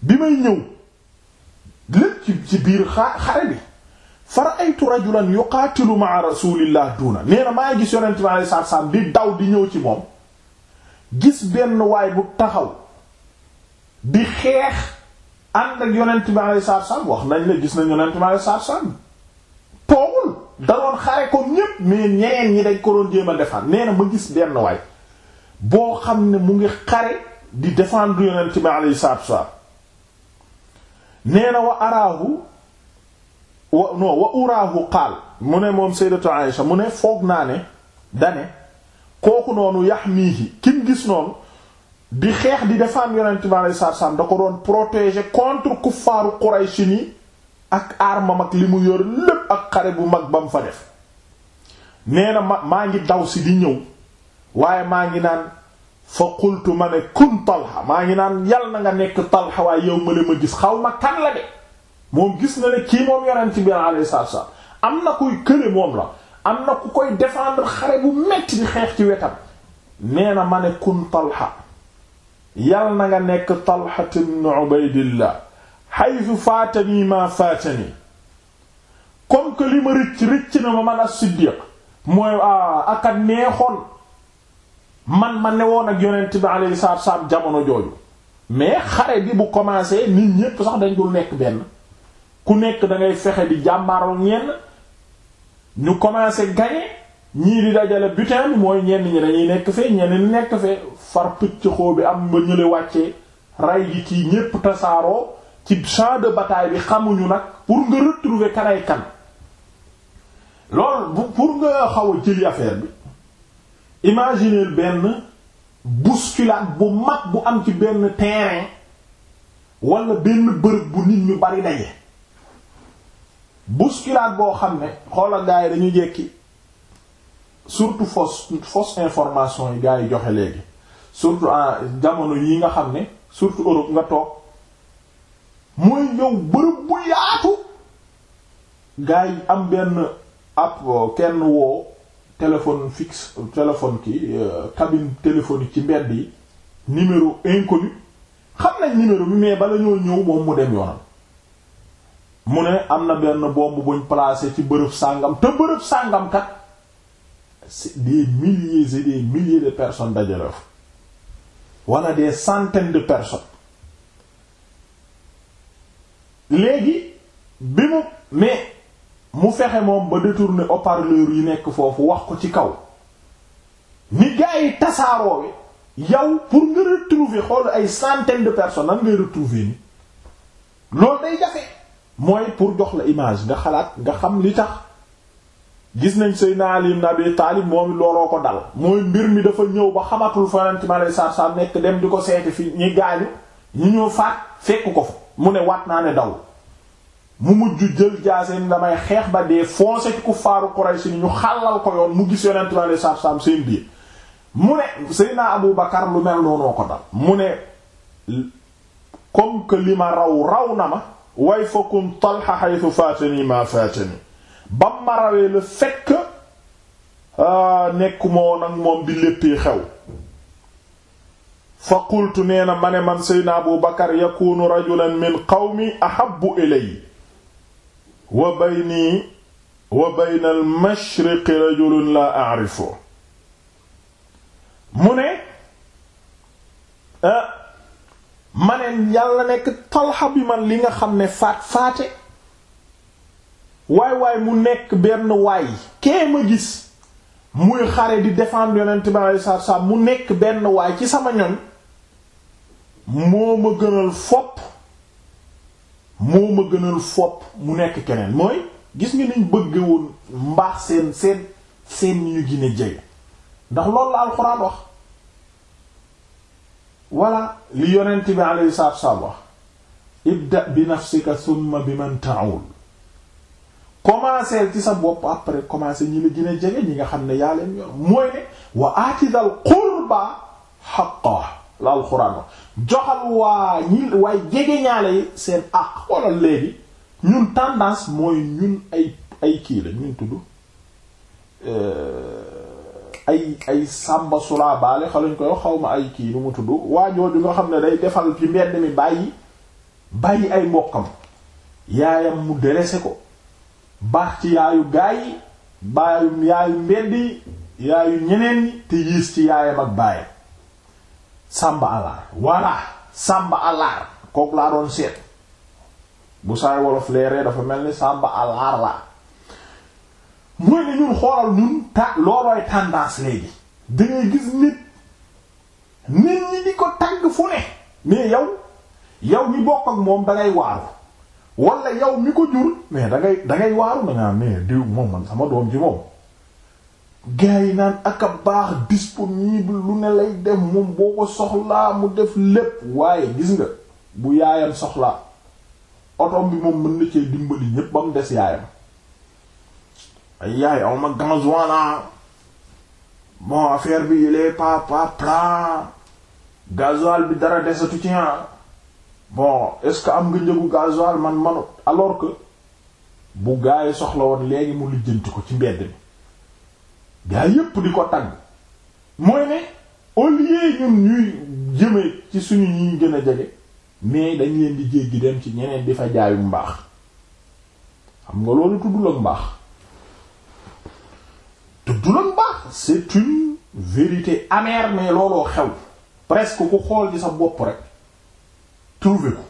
bi may ñëw lépp ci ci biir xare bi fara aytu rajulan yuqaatilu ma'a rasulillah duuna gis yonent bi alayhi salaatu wassalaam di daw di ñëw ci moom gis benn waay bu taxaw di xeex ànd ak yonent bi alayhi salaam wax nañ la gis nañ yonent bi alayhi salaam toogul da xare ko ñépp mais ñeneen ñi dañ ko doon jéem a defaan nee na ma gis benn waay boo xam ne mu ngi xare di défendre yonent bi alayhi salaam nee na wa araahu wa non wa uraahu qaal mu ne moom sayyidatu Aisha mu ne foog naa ne dane kooku noonu yaxmiihi kim gis noonu di xeex di defaan yonent bi alayhi salaatu da ko doon protéger contre kuffaaru Quraysh ni ak armam ak li mu yor lépp ak xare bu mag ba mu fa def nee ma maa ngi daw si di ñëw waaye maa ngi naan fa ma ne kun Talha maa ngi naan yal na nga nekk Talha yow ma la ma gis xaw ma kan moom gis na ne kii moom yonent bi alayhi salaatu am na kuy kële moom la am ku koy défendre xare xeex ci wetam nee na ma ne yal na nga nekk Talhat ibn Ubaydillah haythu faatani maa faatani comme que li ma rëcc rëcc na ma man as-Siddiq mooy ah, akat neexoon man ma newoon ak yonent bi alayhi salaatu salaam jamono jooju mais xare bi bu commencé nit ñépp sax dañ dul nekk benn ku nekk dangay ngay fexe di jàmbaaroo ñenn ñu commencé gagner ñii di dajale butin mooy ñenn ñi dañuy nekk fee ñenn ñi nekk fee far pëcc xoo bi am ba ñële wàccee ray gi ci ñépp tasaaroo ci champ de bataille bi xamuñu nag pour nga retrouver kanay kan loolu bu pour nga xaw a jëli bi imaginer benn bousculade bu mag bu am ci benn terrain wala benn bërëb bu nit ñu bari daje bousculade boo xam ne xoola gaa yi dañu jekki surtout fausse fausse information yi gars yi joxe léegi surtout en ah, jamono yi nga xam ne surtout Europe nga toog mooy ñëw bërëb bu yaatu gars yi am benn app euh, kenn woo téléphone fix téléphone ki euh, cabine téléphonique ci mbedd yi numéro inconnu xam nañ numéro bi mais bala ñoo ñëw moom mu dem yoonam mu ne am na benn bombe buñ placé ci bërëb sàngam te bërëb sàngam kat des milliers et des milliers de personnes dajale fa wala des centaines de personnes léegi bi mu mais mu fexe moom ba détourner haut-parleur yi nekk foofu wax ko ci kaw ni gaa yi tasaaroo yow pour nga retrouver xool ay centaines de personnes nan ngay retrouver ni loolu day jafe mooy pour jox la image nga xalaat nga xam li tax gis nañ Seydina Ali ibn Abi Taalib moom looloo ko dal mooy mbir mi dafa ñëw ba xamatul Yonent mi alayhi salaatu salaam nekk dem di ko seeti fi ñi gaañu ñu ñëw faat fekk ko fa mu ne wat naa ne daw mu mujj jël jaaseem damay xeex ba dee foncé ci kuffaaru Quraysh ni ñu xàllal ko yoon mu gis Yonent mi alayhi salaatu salaam seen biir mu ne Seydina Abu Bakar lu mel noonoo ko dal mu ne comme que li ma raw raw na ma way fakum Talha haythu faatani ma faatani ba marawee la fekk euh, nekku moo nag moom bi léppee xew fa qultu nee na ma ne man seydna abu bakar yakunu rajulan min qawmi ahabbu ilay wa bayni wa bayna al mashriqi la a'rifu mu ne euh, ma ne yàlla nekk talxa bi man li nga xam ne faat faate waay waay mu nekk benn waay kee ma gis muy xare di défendre yonent bi alayhi salaatu salaam mu nekk benn waay ci sama ñoñ moo ma gënal fopp moo ma gënal fopp mu nekk keneen mooy gis nga niñ bëgge woon mbaax seen seen seen ñu gine jege ndax loolu la alxuraan wax walla li yonent bi alayhi salaatu salaam wax ibda bi nafsika thumma bi man ta'ul commencer ci sa bopp après commencer ñi la dina a jege ñi nga xam ne yaa leen yor mooy ne wa aatidal qurba haqqah la alxuraan wa joxal waa ñi waaye jege ñaale yi seen àq walla léegi ñun tendance mooy ñun ay ay kii la ñun tudd eh, ay ay sàmba sulaa baale xalañ koy xaw ma ay kii lu mu tudd waa jooju nga xam ne day defal ci mbedd mi bàyyi bàyyi ay mbokkam yaayam mu derese ko baax ci yaayu gaa yi baayu yaayu mbedd yi yaayu ñeneen ñi te yiis ci yaayam ak baayam sàmba alaar walla sàmba alaar kook laa doon seet bu saay wolof leeree dafa mel ni sàmba alaar laa mooy ne ñun xoolal ñun ta loolooy tendance léegi dangay gis nit nit ñi di ko tàgg fu ne mais yow yow ñi bokk ak moom dangay waaru wala yow mi ko jur mais da ngay da ngay waaru na ngaa mais diw moom man sama doom ji moom gars yi naan ak a baax disponible lu ne lay def moom boo ko soxlaa mu def lépp waaye gis nga bu yaayam soxlaa otom bi moom mën na cee dimbali ñépp ba mu des yaayam ay yaay aw ma gansoin la bi il est pas pas bi dara desatu ci ah bon est-ce que am nga njëgu gasoil man manut alors que bu gaa yi soxla woon léegi mu lijjanti ko ci mbedd mi gaa yépp di ko tagg mooy ne au lieu ñun ñuy jëmee ci suñu ñi gën a jege mais dañ leen di gi dem ci ñeneen di fa jaayum mbaax xam nga loolu tuddul ak mbaax tuddul ak mbaax c'est une vérité amère mais looloo xew presque ku xool ci sa bopp rek trouver ko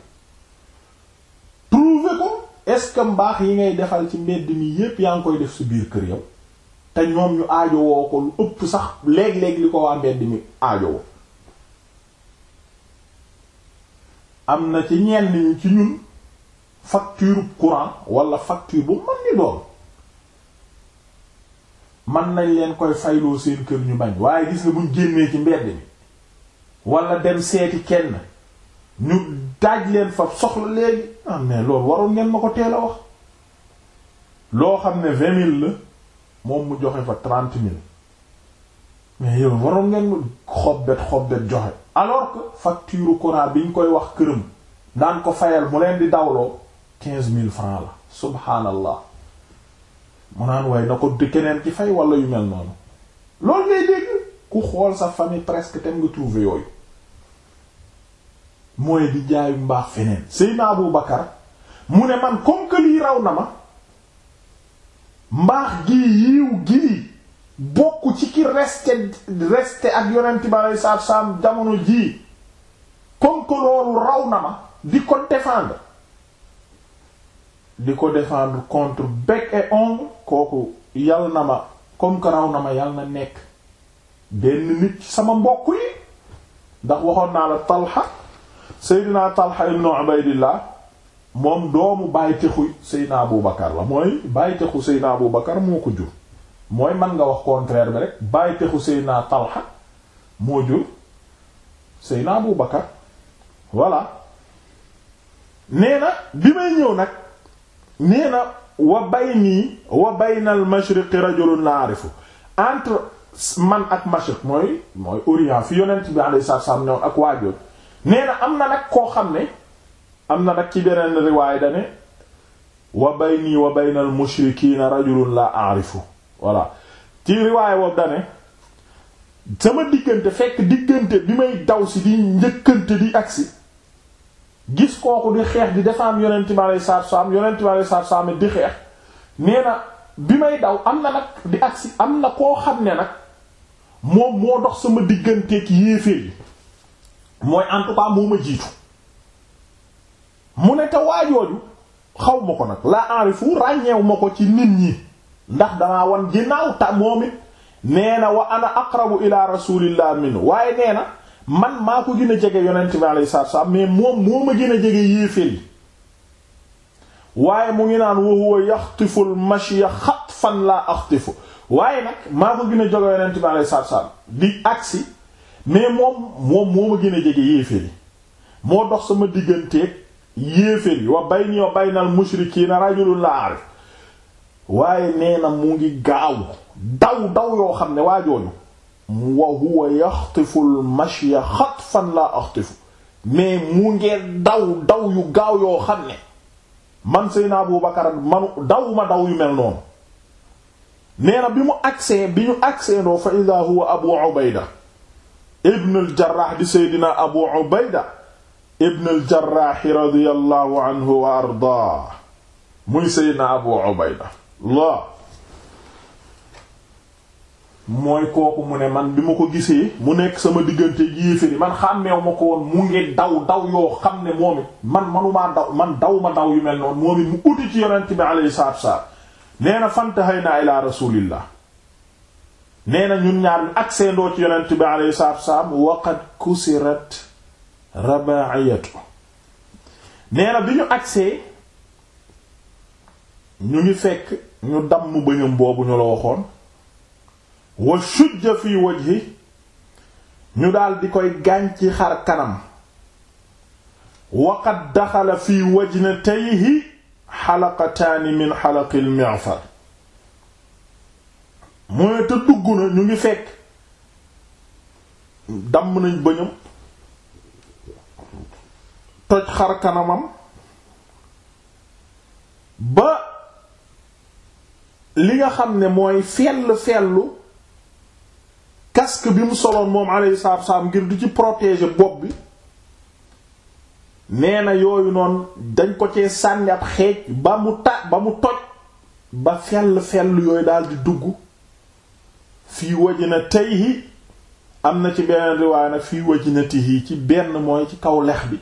trouver ko est-ce yi ngay defal ci mbedd mi yépp yaa ngi koy def su biir kër yow te ñoom ñu aajowoo ko lu ëpp sax léeg-léeg li ko waa mbedd mi aajowoo am na ci ñenn ñi ci ñun facture courant wala facture bu mën ni doon man nañ leen koy fayloo seen kër ñu bañ waaye gis na buñ génnee ci mbedd mi wala dem seeti kenn ñu daaj leen fa soxla léegi ah mais loolu waroon ngeen ma ko teel a wax loo xam ne vingt mille la moom mu joxe fa trente mille mais yow waroon ngeen xobbet xobbet joxe alors que facture courant bi ñu koy wax këram daan ko fayal mu leen di dawloo quinze mille francs la subhaanallah mu naan waaye na ko keneen ci fay wala yu mel noonu loolu ngay dégg ku xool sa famille presque tem nga trouver yooyu mooy di jaayu mbaax feneen Seydina Abu Bakar mu ne man comme que raw na ma mbaax gi yiiw gii bokk ci ki reste reste ak yonent bi alei saatu jamono jii comme que loolu raw na ma di ko défendre di ko défendre contre bec et ongle kooku yal na ma comme que raw na ma yal na nekk benn nit sama mbokk yi ndax waxoon naa la Talha Seydina Talha ibn Ubaydillah moom doomu bàytexu Seydina Abu Bakar la mooy bàytexu Seydina Abu Bakar moo ko jur mooy man nga wax contraire bi rek bàytexu Seydina Talha moo jur Seydina Abu Bakar voilà nee na bi may ñëw nag nee na wa bayni wa bayna al mashriqi rajulun na'rifu entre man ak mashriq mooy mooy orient fi yonent bi alayhi salaam ñëw ak waajooj nee na am na nag koo xam ne am na nag ci beneen riwaay dane wa bayni wa bayna al mushrikiina rajulun la a'rifu voilà ci riwaay boobu dane sama diggante fekk diggante bi may daw si di njëkkante di agsi gis kooku di xeex di defaam yonenti ma lay saar saam yonenti ma lay saar saam di xeex nee bi may daw am na nag di agsi am na koo xam ne nag moom moo dox sama digganteek yéefee yi mooy en tout moo ma jiitu mu ne te waajooju xaw ma ko nag laa enrifu ràññeew ma ko ci nit ñi ndax damaa wan ginnaaw ta moom it nee na wa ana aqrabu ila rasulillah minhu waaye nee na man maa ko gën a jege yonent bi alayhi salaatu salaam mais moom moo ma gën a jege yéefél waaye mu ngi naan wa huwa yaxtifu al-mashya xatfan laa axtifu waaye nag maa ko gën a jege yonent bi alayhi salaatu salaam di agsi mais moom moom moo ma gën a jege yéeféer yi moo dox sama digganteeg yéeféer yi wa bayni wa baynal mushrikiina rajulun laa arif waaye nee na mu ngi gaaw daw daw yoo xam ne waa jooju wa huwa yaxtiful mashya xatfan laa axtifu mais mu ngee daw daw yu gaaw yoo xam ne man Seydina Abu Bakar manu daw ma daw yu mel noonu nee na bi mu agsee bi ñu agsee ndoo fa idaa huwa Abu Ubayda ibn al-Jarrah di seydina Abu Ubayda ibn al-Jarrah wa ardaa muy seydina Abu Ubayda la mooy kooku mu ne man bi ma ko gisee mu nekk sama diggante yéeféri man xàmmeew ma ko woon mu ngi daw daw yoo xam ne moom man manumaa daw man daw daw yu mel noonu moom mu uti ci yonent bi alayhi salaatu wa nee na fantahaynaa ilaa rasuulillah nee na ñun ñaar ak seendoo ci yonent bi alayhi salaatu wassalaam waqad kusirat rabaiyatu nee bi ñu agsee ñu ngi fekk ñu damm bëñam boobu ñu la waxoon wa shujja fi wajhi ñu daal di koy gaañ ci xar kanam waqad daxala fi wajnatayhi xalaqataani min xalaqil mi'far mu te dugg na ñu ngi fekk damm nañ bëñam toj xar kanamam ba li nga xam ne mooy fell fellu casque bi mu soloon moom alayhi salaatu salaam ngir du ci protéger bopp bi nee na yooyu noonu dañ ko ci sànni ab xeej ba mu ta ba mu toj ba fell fell yooyu daal di dugg fii wajnatayhi am na ci beneen riwaay nag fii wajnatihi ci benn mooy ci kaw lex bi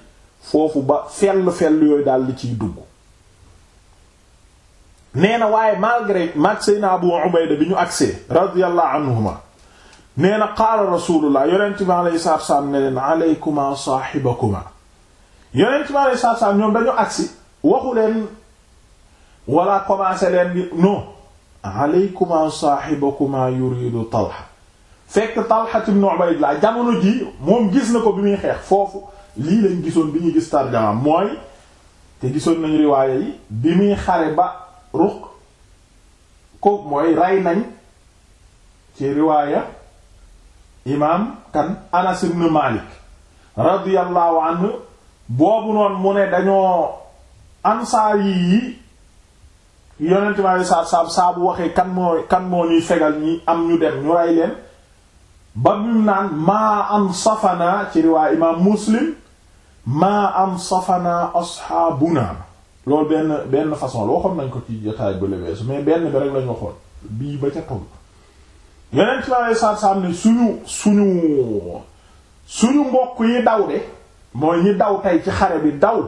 foofu ba fel fell yooyu daal di ciy dugg nee na waaye malgré maag seyna Abu Ubayda bi ñu agsee radiyallahu anhuma nee na qaala rasulullah yonent bi alayhi salaatu salaam ne leen alaykuma saahibakuma yonent bi alayhi salaatu ñoom dañu agsi waxu leen wala commencé leen non alaykuma saaxibakuma yuridu talxa fekk talxa ibn ubaydillah jamono ji moom gis na ko bi muy xeex foofu lii lañ gisoon bi ñuy gis tarjama mooy te gisoon nañ riwaaya yi bi muy xare ba ruq ko mooy rey nañ ci riwaaya imaam kan anas ibn malik radiyallahu anhu boobu noonu mu ne dañoo ansaar yi yonent bi saa saab saa bu waxee kan moo kan moo ñuy fegal ñi am ñu dem ñu rey leen ba mu naan maa am safana ci riwaay imaam muslim maa am safana asxaabuna loolu benn benn façon la waxoon nañ ko ci jotaay ba leweesu mais benn bi rek lañ waxoon bii ba ca toll yeneen ci laa saar saar ne suñu suñu suñu mbokk yi daw de mooy ñi daw tey ci xare bi daw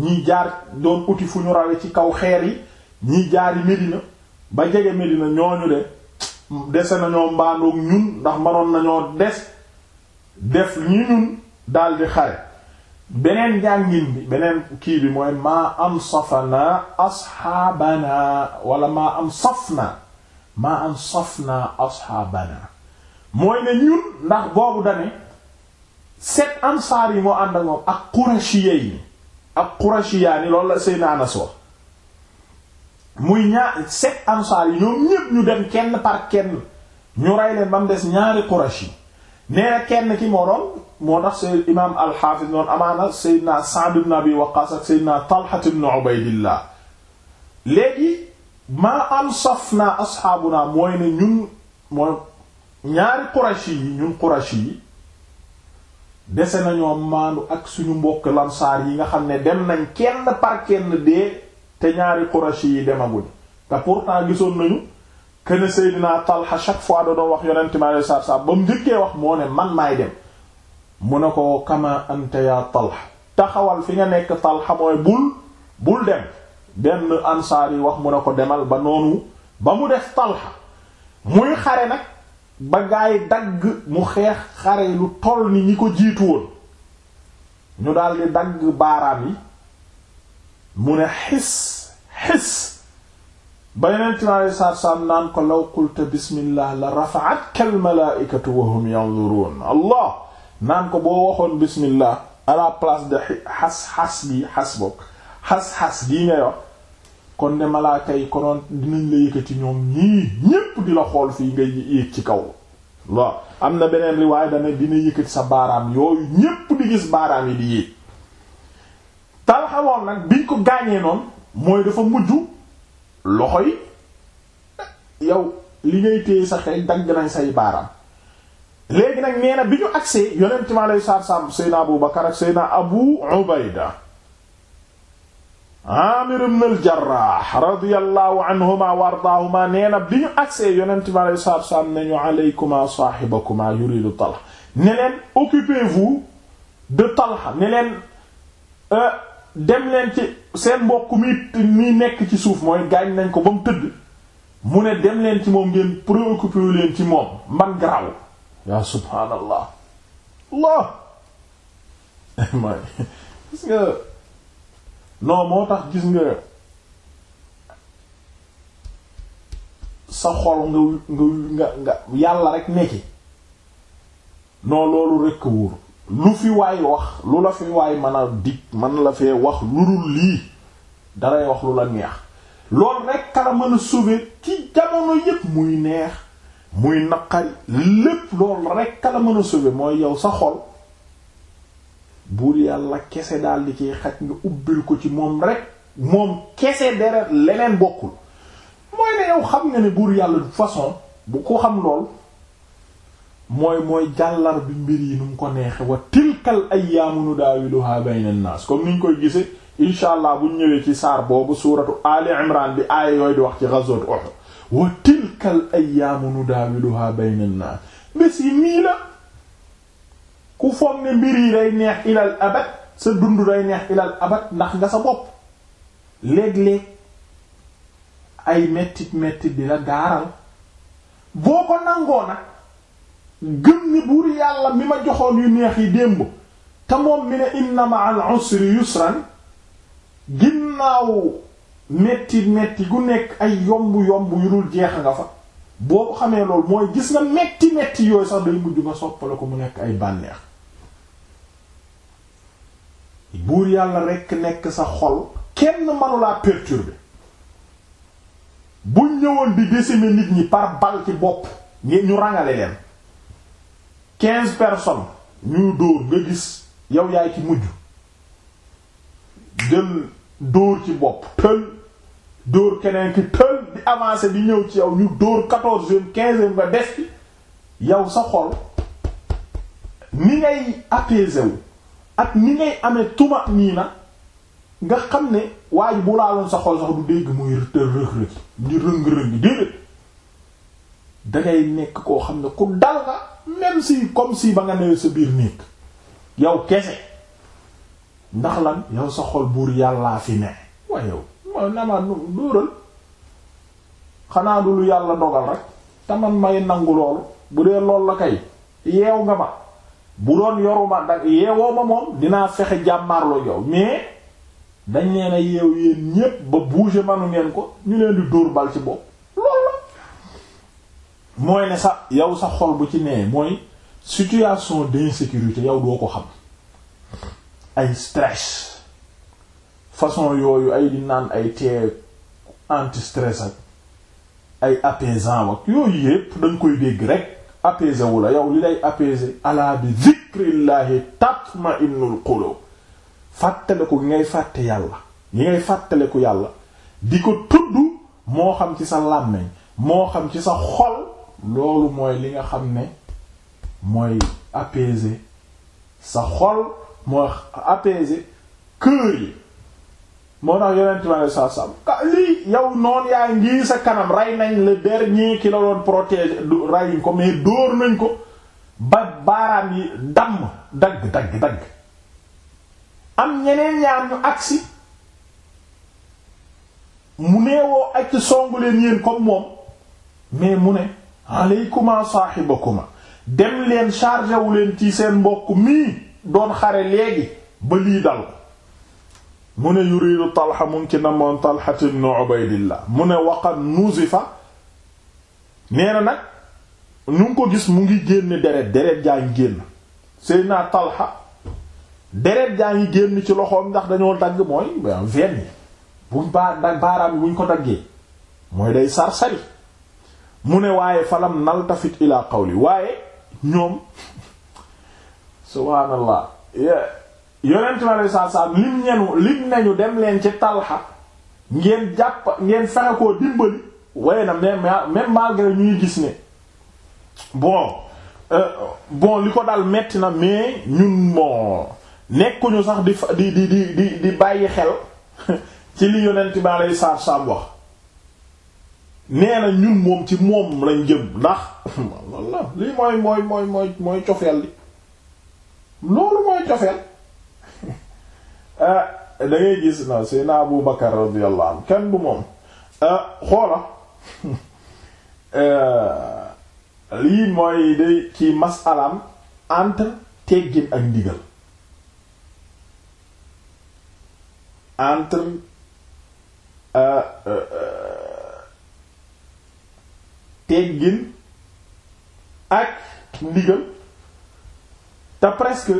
ñi jaar doon uti fu ñu rawe ci kaw xeer yi ñiy jaari Medina ba jege Medina ñooñu de dese nañoo mbaandoog ñun ndax manoon nañoo des def ñi ñun daldi xare beneen njàngin bi beneen kii bi mooy maa am safana asxaabana wala maa am safna maa am safna asxaabana mooy ne ñun ndax boobu dane set ansaar yi moo ànd ak moom ak qurashiya yi ak qurashiya ni loolu la Seydina Anas wax muy ñaar sept ansaar yi ñoom ñépp ñu dem kenn par kenn ñu rey leen ba mu des ñaari Qurashi yi kenn ki moo doon moo tax sayyid imaam al-Hafiz noonu amaana sayyidna Sa'd ibn Abi Waqqas ak sayyidna Talha Ubaydillah léegi maa ansafna asxaabuna mooy ne ñun mooy ñaari Qurashi yi ñun Qurashi yi dese nañoo maandu ak suñu mbokk lamsaar yi nga xam ne dem nañ kenn par kenn dee te ñaari Qurashi yi demaguñ te pourtant gisoon nañu kene naa Talha chaque fois da doon wax yonent mi alayhi salaatu ba mu njëkkee wax moo ne man may dem mu ne ko kama anta taxawal fi nga nekk Talha mooy bul bul dem benn ansaar yi wax mu ne ko demal ba noonu ba mu def Talha muy xare nag ba gaay dagg mu xeex xare lu toll ni ñi ko jiitu woon ñu daldi dagg baaraam yi mu ne xis xis ba yonent mi alei saatu salaam naan ko law qulta bismillah la rafa'atka almalaaikatu wa hum yanzurun allah naan ko boo waxoon bismillah à la place de xas xas gi xas bokk xas-xas gii nga wax kon de malaaka yi konoon dinañ la yëkkati ñoom ñii ñépp di la xool fii nga yéeg ci kaw am na beneen riwaay dana dina yëkkati sa baaraam yooyu ñépp di gis baaraam yi di yéeg talxa woon nag biñ ko gaañee noonu mooy dafa mujj loxo yi yow li ngay téye sa xel dagg nañ say baaraam léegi nag nee na bi ñu agsee yonent mi alayhi salaatu salaam Seydina Abu Bakar ak Seydina Abu Ubayda Amir ibn al-Jarrah radiyallahu anhuma wa ardaahuma nee na bi ñu agsee yonent mi alayhi salaatu salaam nañu alaykuma saahibakuma yuridu Talha ne leen occupez-vous de Talha ne leen euh, dem leen ci seen mbokk mi mi nekk ci suuf mooy gaañ nañ ko ba mu tëdd mu ne dem ci moom ngeen préoccupé leen ci moom man garaaw yaa subhaanallah allah mooy gis nga non moo tax gis nga sa xol nga nga nga nga yàlla rek nekki non loolu rekk wóor lu fi waay wax lu la fi waay mën a dikk mën la fee wax lu dul lii daray wax lu la neex lool rekk kala mën a sauver ci jamono yépp muy neex muy naqari lépp loolu rekk kala mën a sauver mooy yow sa xol buur yàlla kese daal li ciy xaj nga ubbil ko ci moom rekk moom kese deret leneen bokkul mooy ne yow xam nga ne buur yàlla de façon bu ko xam lool mooy mooy jàllar bi mbir yi nu mu ko neexe wa tilkal ayyaamu nudaawiluhaa bayna nnaas comme niñ koy gise incha allah buñ ñëwee ci saar boobu suuratu ali imran bi aaya yooyu di wax ci ghazwat Uhud wa tilkal ayyaamu nudaawiluhaa bayna nnaas bés yi nii la ku foog ne mbir yi day neex ilal abad sa dund day neex ilal abad ndax nga sa bopp léeg-léeg ay mettit mettit di la gaaral boo ko nangoo nag gën ni buur yàlla mi ma joxoon yu neex yi démb te moom mi ne inna ma'al usri yusran ginnaaw metti metti gu nekk ay yomb yomb yu dul jeex nga fa boo ko xamee loolu mooy gis nga metti metti yooyu sax day mujj nga soppale ko mu nekk ay bànneex buur yàlla rekk nekk sa xol kenn manulaa perturber buñ ñëwoon di décimer nit ñi par bal ci bopp ñu rangale leen quinze personnes ñuy dóor nga gis yow yaay ci mujj jël dóor ci bopp tël dóor keneen ki tël di avancer di ñëw ci yow ñu dóor quatorzième quinzième nga des ci yow sa xol ni ngay apaiser wu ak ni ngay amee tuma nii na nga xam ne waaye bu laaloon sa xol sax du dégg muy rëg-rëg di rëng-rëng déedéet dangay nekk koo xam ne ku dal nga même si comme si ba nga newee sa biir néeg yow kese ndax lan yow sa xol buur yàllaa fi ne waaye yow ma nama dóoral xanaa du lu yàlla dogal rek te man may nangu loolu bu dee lool la kay yeew nga ma bu doon yoruma da yeewoo ma moom dinaa fexe jàmmaarloo yow mais dañ leen a yeew yéen ñépp ba bouger manu ngeen ko ñu leen di dóor bal ci bopp mooy ne sa yow sa xol bu ci nee mooy situation d'insécurité yow doo ko xam ay stress façon yooyu ay di naan ay tee anti-stress ak ay apaisant wak yooyu yépp da koy dégg rek apaiser wu la yow li lay apaiser ala bi zikrillahi tatma'innul qulub fàttaleku gi ngay fàtte yàlla gi ngay fàttaleku yàlla di ko tudd moo xam ci sa làmmiñ moo xam ci sa xol loolu mooy li nga xam ne mooy apaiser sa xol mooy apaiser cœur yi moo tax yonent ma ne sa sam ka lii yow noonu yaa ngi sa kanam rey nañ le dernier ki la doon protéger du reyuñ ko mais dóor nañ ko ba baaraam yi damm dagg dagg dagg am ñeneen ñaar ñu agsi mu neewoo ak ci songu leen yéen comme moom mais mu ne alaykuma saahibakuma dem leen chargé wu leen ci seen mbokk mii doon xare léegi ba lii dal ko mu ne yuridu talxa mu ngi ci namoon talxa ibn ubaydillah mu ne waqad nuzifa nee na nag ñu ko gis mu ngi génn deret deret jaa ngi génn Seydina talxa deret jaa ngi génn ci loxoom ndax dañoo dagg mooy veine yi buñ baa baaraam buñ ko daggee mooy day sar mu ne waaye falam naltafit ila qawli waaye ñoom subhaanallah yonent ma ne saa saa lim ñenu lim nañu dem leen ci talxa ngeen jàpp ngeen fexe koo dimbali waaye na même même ñuy gis ne bon euh, bon li ko dal metti na mais ñun moo nekkuñu sax di di di di di bàyyi xel ci li yonent ma ne saa saa wax nee na ñun moom ci moom lañ jëm ndax lii mooy mooy mooy mooy mooy cofeel li loolu mooy cofeel ah, da gis na Seydina Abu Bakar radiyallahu anhu kenn bu moom ah, xoola ah, lii mooy day ci masalaam entre teggin ak ndigal entre teggin ak ndigal te presque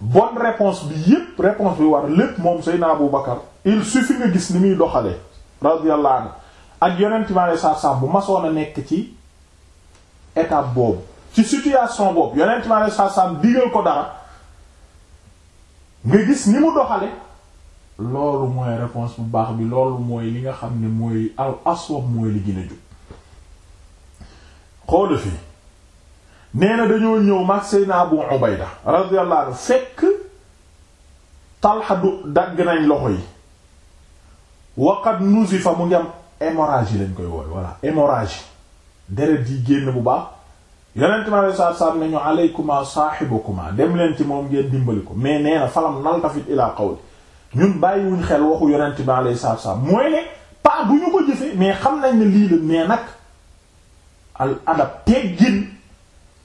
bonne réponse bi yépp réponse bi war lépp moom Seydina Abu Bakar il suffit nga gis ni muy doxale radiyallahu anhu ak yonent mi alei satu selaam bu masoon a nekk ci étape boobu ci situation boobu yonent mi alei satu selaam digal ko dara nga gis ni mu doxale loolu mooy réponse bu baax bi loolu mooy li nga xam ne mooy al aswab mooy li gën a jub xoola fii nee na dañoo ñëw mag Seydina Abu Ubayda radiyallahu anhu fekk Talha dagg nañ loxo yi waqad nuzifa mu ngi am hémorragie lañ koy wooy voilà hémorragie deret yi génn bu baax yonent mi alei nañu alaykuma saaxibukuma dem leen ci moom ngeen dimbali ko mais nee na falam naltafit ilaa qawli ñun bàyyiwuñ xel waxu yonent mi alei satu salaam mooy ne pas bu ñu ko jëfe mais xam nañ ne lii la mais nag al adab teggin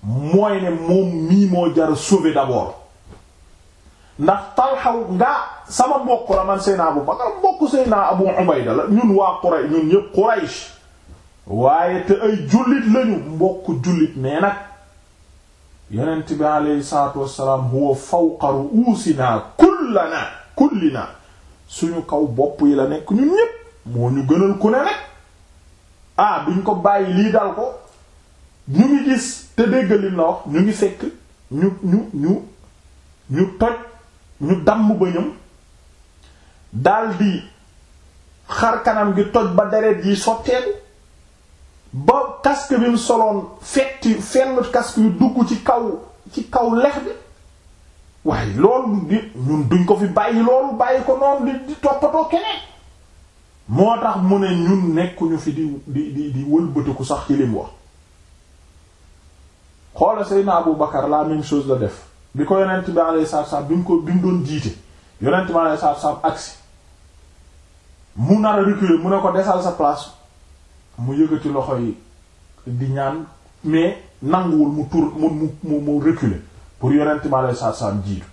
mooy ne moom mii moo jar a sauver d'abord ndax talxaw ngaa sama mbokk la man Abu Bakar mbokk Seydina Abu Ubayda la ñun waa Quraysh ñun ñëpp Quraysh waaye te ay jullit lañu mbokk jullit mais nag yonent bi aleyhi salaatu wassalaam huwa fawqa ru'uusinaa kullanaa kullinaa suñu kaw bopp yi la nekk ñun ñëpp moo ñu gënal ku ne nag ah duñ ko bàyyi lii dal ko ñu ngi gis te dégg lim wax ñu ngi fekk ñu ñu ñu ñu toj ñu damm bëñam daldi xar kanam gi toj ba deret yi sotteeku ba casque bi mu soloon fetti fenn casque yu dugg ci kaw ci kaw lex bi waaye loolu di ñun duñ ko fi bàyyi loolu bàyyi ko noonu di di toppatoo keneen moo tax mu ne ñun nekkuñu fi di di di di wëlbatiku sax ci lim wax xoola Seydina Abu Bakar la même chose la def bi ko yonent bi alayhi salaatu salaam bi mu ko bi mu doon jiite yonent bi alayhi salaatu salaam agsi mu nar reculer mu ne ko desal sa place mu yëkkati loxo yi di ñaan mais nanguwul mu tur mu mu mu reculer pour yonent bi alayhi salaatu jiitu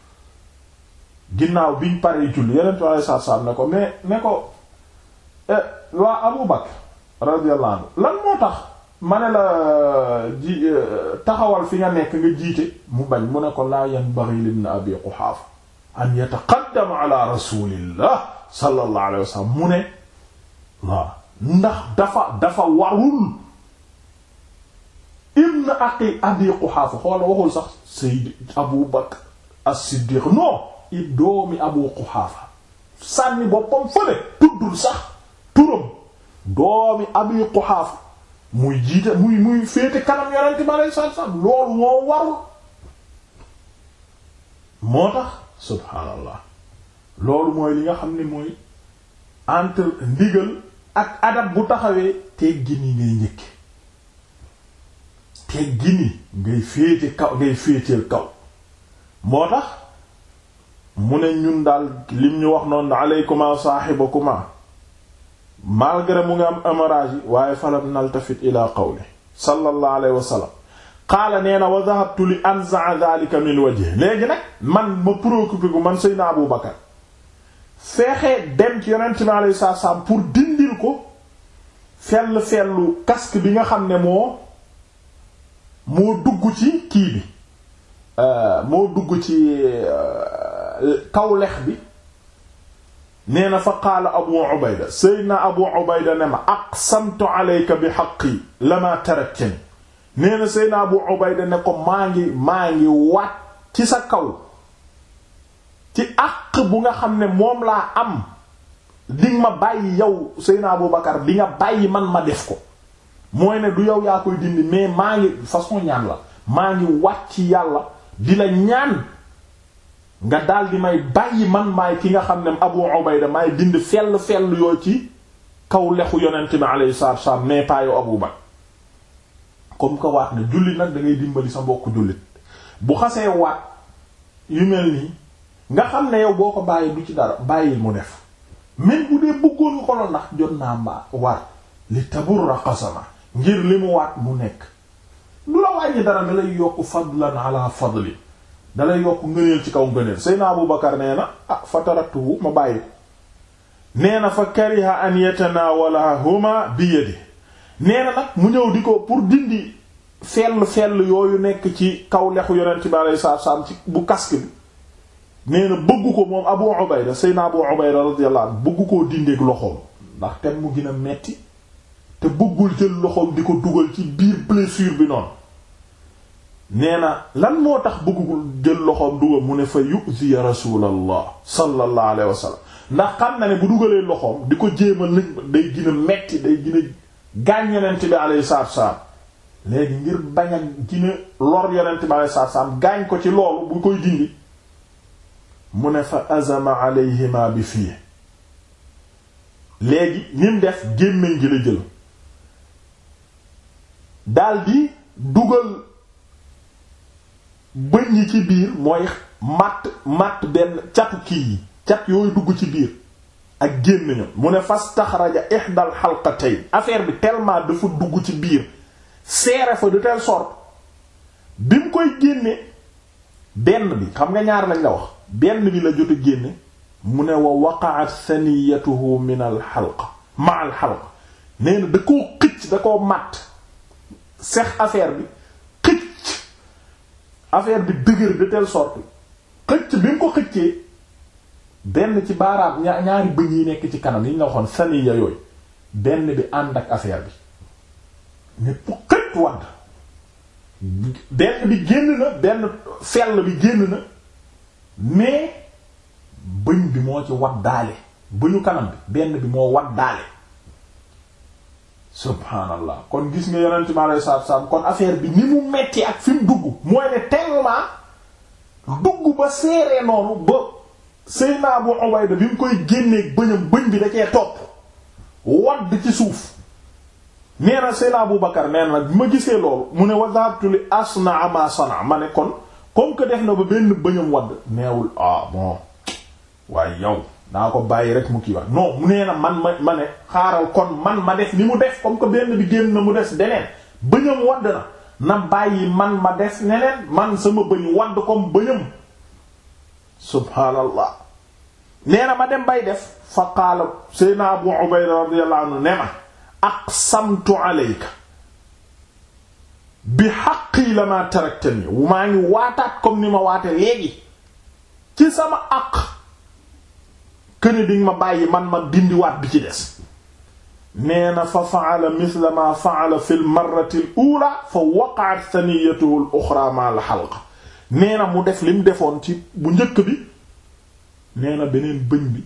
ginnaaw biñ paree julli yonent bi alayhi salaatu ne ko mais ne ko eh, waa Abu Bakar radiyallahu anhu lan moo tax. ma la ji euh, taxawal fi nga nekk nga jiite mu bañ mu ne ko laa yanbaghi libn abi quhaafa an yataqaddama ala rasulillah sallallahu mu ne waaw ndax dafa dafa warul ibn aqi abi quhaafa xoola waxul sax sayyid abu bakr as-siddiq non i doomi abu quhaafa sànni boppam fële tuddul sax turam doomi abi quhaafa muy jiite muy muy féete kanam yonent ma lay saab-saab loolu moo warul moo tax subhaanallah loolu mooy li nga xam ne mooy entre ndigal ak adab bu taxawee teggini ngay njëkk teggini ngay féete kaw ngay féeteel kaw moo tax mu ne ñun daal lim ñu wax noonu aleykumaa saaxibakuma malgré mu nga am hémorragie yi waaye falam naltafit ila qawli sallallahu alayhi wa sallam qaala nee na wa dhahabtu li anza'a dhalika min wajhi léegi nag man ma préoccupé gu man Seydina Abu Bakar feexee dem ci yonent bi alayhi salaam pour dindil ko fell fellu casque bi nga xam ne moo moo dugg ci kii bi euh, moo dugg ci euh, kaw lex bi nee na fa qaala abu ubayda seydna abu ubayda ne ma aqsamtu alayka bi haqqi lama taraktani nee na seydna abu ubayda ne ko maa ngi maa ngi waat ci sa kaw ci àq bu nga xam ne moom laa am dinga ma bàyyi yow seydna abu bakar di nga bàyyi man ma def ko mooy ne du yow yaa koy dindi mais maa ngi façon ñaan la maa ngi waat ci yàlla di la ñaan nga daal di may bàyyi man maay ki nga xam ne Abu Ubayda maay dind fell fell yoo ci kaw lexu yonent bi alayhi salaatu wassalaam mais pas Abu Bakr comme que waat ne jullit nag da dimbali sa mbokku jullit bu xasee waat yu mel nii nga xam ne yow boo ko bàyyi du ci dara bàyyil mu def même bu dee bëggoon nga ndax jot naa ma waat li taburra qasama ngir li mu waat mu nekk du la wàññi dara da lay yokk fadlan ala fadli dalay yokk ngëneel ci kaw ngëneel Seydina Abu Bakar nee na ah fa taratuhu ma bàyyi ko nee na fa kariha an yatanawala huma bi yadi nag mu ñëw di ko pour dindi fell fell yooyu nekk ci kaw lexu yonent bi alei ci bu casque bi nee na bëgg ko moom Abu Ubayda Seydina Abu Ubayda radiyallahu anhu bëgg koo dindeeg loxoom ndax tem mu gën metti te bëggul jël loxoom di ko dugal ci biir blessure bi noonu nee na lan moo tax bëggul jël loxoom dugal mu ne fa yu'zi rasulallah sallallahu alayhi wa sallam ndax xam na ne bu dugalee loxoom di ko jéem a lëñ day gën metti day gën a gaañ yonent bi alayhi salaatu salaam léegi ngir bañ a gën a lor yonent bi alayhi salaatu salaam gaañ ko ci loolu bu koy dindi mu ne fa azama alayhima bi fii léegi nim def gémmiñ gi la jël daldi dugal bëñ yi ci biir mooy matt matt benn catu kii yi cat yooyu dugg ci biir ak génn ñu mu ne fastaxraja ihdal halqatayn affaire bi tellement dafa dugg ci biir seere fa de telle sorte bi mu koy génne benn bi xam nga ñaar lañ la wax benn bi la jot a mu ne wa waqa'at saniyatuhu min al halqa ma al halqa nee da koo xëcc da koo matt seex affaire bi affaire bi dëgër de telle sorte xëcc bi nga ko xëccee benn ci baaraab ña ñaari bëñ yi nekk ci kanam yi ñu la waxoon saniya benn bi ànd ak affaire bi ñépp xëcc wadd benn bi génn na benn fell bi génn na mais bëñ bi moo ci waddaale bëñu kanam bi benn bi moo waddaale subhaanallah kon gis nga yonent bi alayhi salaatu salaam kon affaire bi ni mu metti ak fi mu dugg mooy ne tellement dugg ba seeree noonu ba Seydina Abu Ubayda bi mu koy génnee bëñam bëñ bi da topp wadd ci suuf nee na Seydina Abu Bakar nee na bi ma gisee loolu mu ne wazaabtu asnaa ma sana ma ne kon comme que def na ba benn bëñam wadd neewul ah bon waaye yow naa ko bàyyi rek mu kii wax non mu nee man ma ma ne xaaral kon man ma def ni mu def comme que benn bi génn na mu des deneen bëñam wadd na na bàyyi man ma des neneen man sama bëñ wadd comme bëñam subhaanallah nee ma dem bay def fa qaala sayna abu ubayda radiyallahu anhu ne ma aqsamtu alayka bi haqqi lama taraktani maa ngi waataat comme ni ma waate léegi ci sama aq këne diñ ma bàyyi man ma dindiwaat bi ci des nee na fa faala mithla ma faala fi l marrati l fa waqaat saniyatuhu l oxra ma al xalqa mu def lim defoon ci bu njëkk bi nee na beneen bëñ bi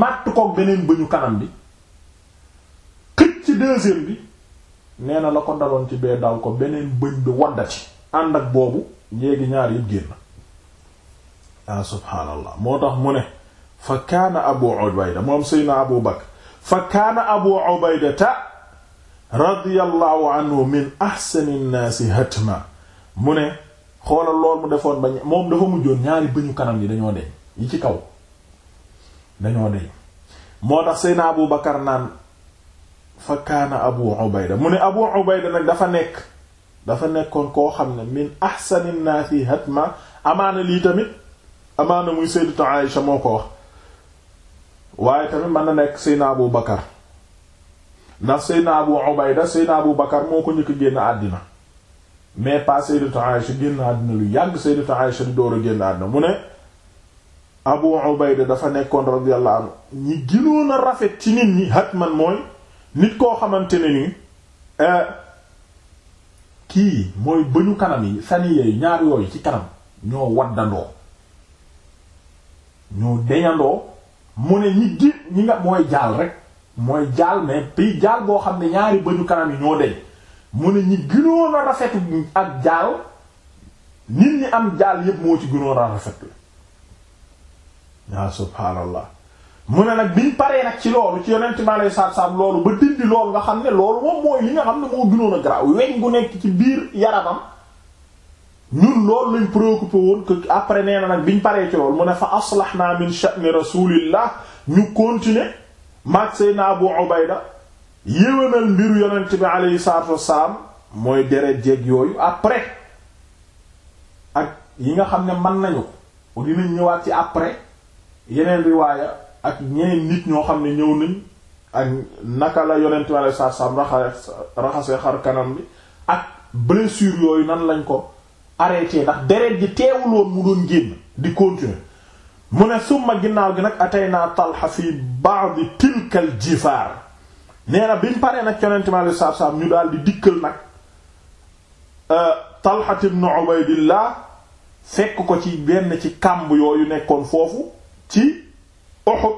màtt koog beneen bëñu kanam bi xëcc ci deuxième bi nee na la ko daloon ci bee dal ko beneen bëñ bi waddati ànd ak boobu jéegi ñaar yëpp génn ah subhaanallah moo tax mu ne fa kaana abu ubayda moom seydna abu bakr fa kaana abu ubaydata radiyallahu anhu min ahsani nnaasi hatma mu ne xoolal lool mu defoon ba moom dafa mujjoon ñaari bëñu kanam yi dañoo deñ yi ci kaw dañoo deñ moo tax seydna abu bakar naan fa kaana abu ubayda mu ne abu ubayda nag dafa nekk dafa nekkoon koo xam ne min ahsani nnaasi hatma amaana lii tamit amaana muy sayyidatu Aïsha moo ko wax waaye tamit mën na nekk Seydina Abu Bakar ndax Seydina Abu Ubayda Seydina Abu Bakar moo ko njëkk génn àddina mais pas Sayyidatu Aïsha génn àddina lu yàgg Sayyidatu Aïsha di door a génn àddina mu ne Abu Ubayda dafa nekkoon radiyallahu anhu ñi gënoon a rafet ci nit ñi hatman mooy nit koo xamante ne ni eh, kii mooy bëñu kanam yi saniye yi ñaar yooyu ci kanam ñoo waddandoo ñoo deñandoo mu ne ñi di ñi nga mooy jaal rek mooy jaal mais pii jaal boo xam ne ñaari bëñu kanam yi ñoo deñ mu ne ñi gënoon a rafet ak jaal nit ñi am jaal yépp moo ci gënoon a rafet la yaa subhaanallah mu ne nag biñ paree nag ci loolu ci yonent mi aleyhi salaatu salaam loolu ba dindi loolu nga xam ne loolu moom mooy li nga xam ne moo gënoon a garaaw weñ gu nekk ci biir yaramam ñun loolu lañ préoccupé woon que après nee na nag biñ paree ci loolu mu ne fa aslahna min sha'ni rasulillah ñu continuer maag Seydina Abu Ubayda yéwénal mbiru yonent bi aleyhi salatu wasalaam mooy deret jeeg yooyu après ak yi nga xam ne man nañu ko dinañ ñëwaat ci après yeneen riwaaya ak ñeneen nit ñoo xam ne ñëw nañ ak naka la yonent bi aleyhi salatu wasalaam raxase raxase xar kanam bi ak blessure yooyu nan lañ ko arrêté ndax deret ji teewul woon mu doon génn di continuer mu ne summa ginnaaw gi nag atay naa talxa fi ba'di tilkal jifaar nee biñ paree na yonent mi alayhi salaatu ñu daal di dikkal nag euh, Talxa ibnu Ubaydillah fekk ko ci benn ci kàmb yooyu nekkoon foofu ci Uhud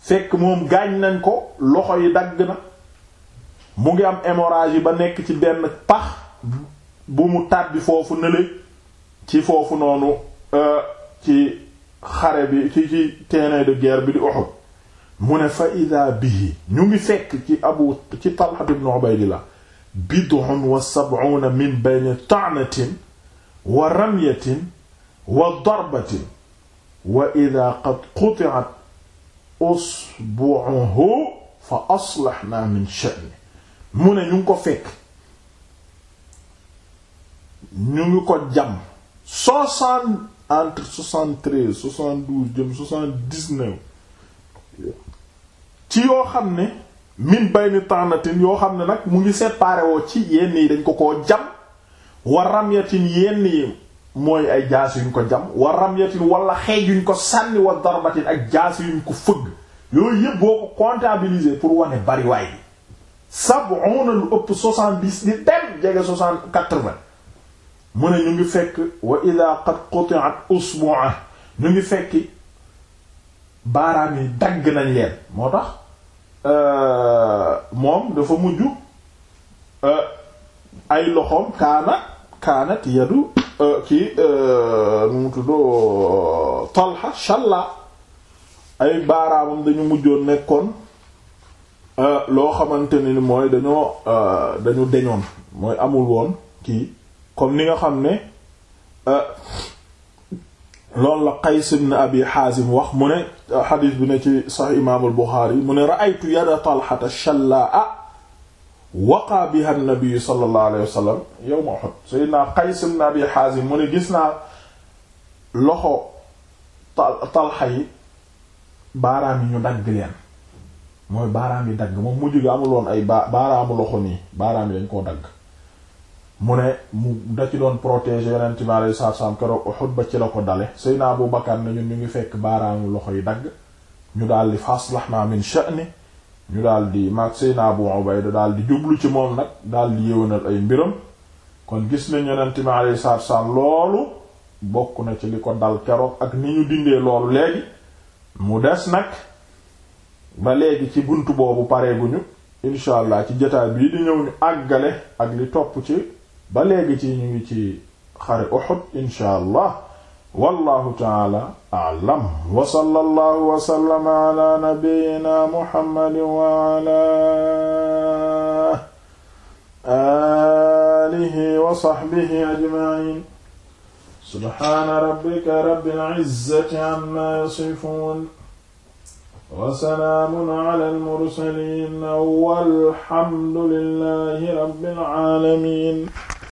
fekk moom gaañ nañ ko loxo yi dagg na mu ngi am hémorragie yi ba nekk ci benn pax bu mu tàbbi foofu nële ci foofu noonu euh, ci xare bi ci ci terrain de guerre bi di Uhud mu ne fa ida bihi ñu ngi fekk ci abu ci Talha ibn Ubaydillah bid'un wa sab'una min bayni ta'natin wa ramyatin wa darbatin wa ida qad quti'at usbu'uhu fa aslahna min sha'ni mu ne ñu ngi ko fekk ñu ngi ko jam soixante entre soixante-treize soixante-douze jëm soixante-dix-neuf ci yoo xam ne min bay ni tanatin yoo xam ne nag mu ngi séparé woo ci yenn yi dañ ko koo jam wa ramyatin yenn yi mooy ay jaas yuñ ko jam wa ramyatin wala xeej yuñ ko sànni wa darbatin ak jaas yuñ ko fëgg yooyu yëpp boo ko comptabiliser pour wane bariwaay bi sab'una lu ëpp soixante-dix di dem jege soixante quatre-vingts mu ne ñu ngi fekk wa ida qad quti'at usbu'a ñu ngi fekki baaraam yi dagg nañ leen moo tax euh, moom dafa mujj euh, ay loxoom kaana kaanat yadu euh, kii nu mu tuddoo talha shalla ay baaraamam dañu mujjoon nekkoon loo xamante ni mooy dañoo dañu deñoon mooy amul woon kii comme ni nga xam ne euh, loolu la Qays ibn Abi Haazim wax mu ne euh, xadiis bi ne ci Sahih Imaam al-Buxaari mu ne ra'aytu yada Talxata shallaa'a waqaa biha an-nabi sallallahu alayhi wa sallam yawma Uhud sayyidina Qays ibn Abi Haazim mu ne gis naa loxo Talxa yi baaraam yi ñu dagg leen mooy baaraam yi dagg moom mu gi amul woon ay baaraamu loxo nii baaraam yi dañ koo dagg mu ne mu da ci doon protéger yonent bi alayhi salaatu salaam keroog Uhud ba ci la ko dale Seydina Abu Bakar ne ñun ñu ngi fekk baaraamu loxo yi dagg ñu daal di faslahna min sha'ni ñu daal di maag Seydina Abu Ubayda daal di jublu ci moom nag daal di yéwénal ay mbiram kon gis nañ yonent bi alayhi salaatu loolu bokk na ci li ko dal keroog ak ni ñu dindee loolu léegi mu des nag ba léegi ci bunt boobu pareeguñu incha allah ci jotaay bii di ñëw ñu àggale ak li topp ci. ba léegi ci ñu ngi ci xare Uhud insha allah wallahu taala a'lam wa sallallahu wa sallama ala nabiyyina muhammadin wa ala alihi wa sahbihi ajma'in subhana rabbika rabbil izzati amma yasifun wa salaamun ala al-mursaliin walhamdu lillahi rabbil aalamiin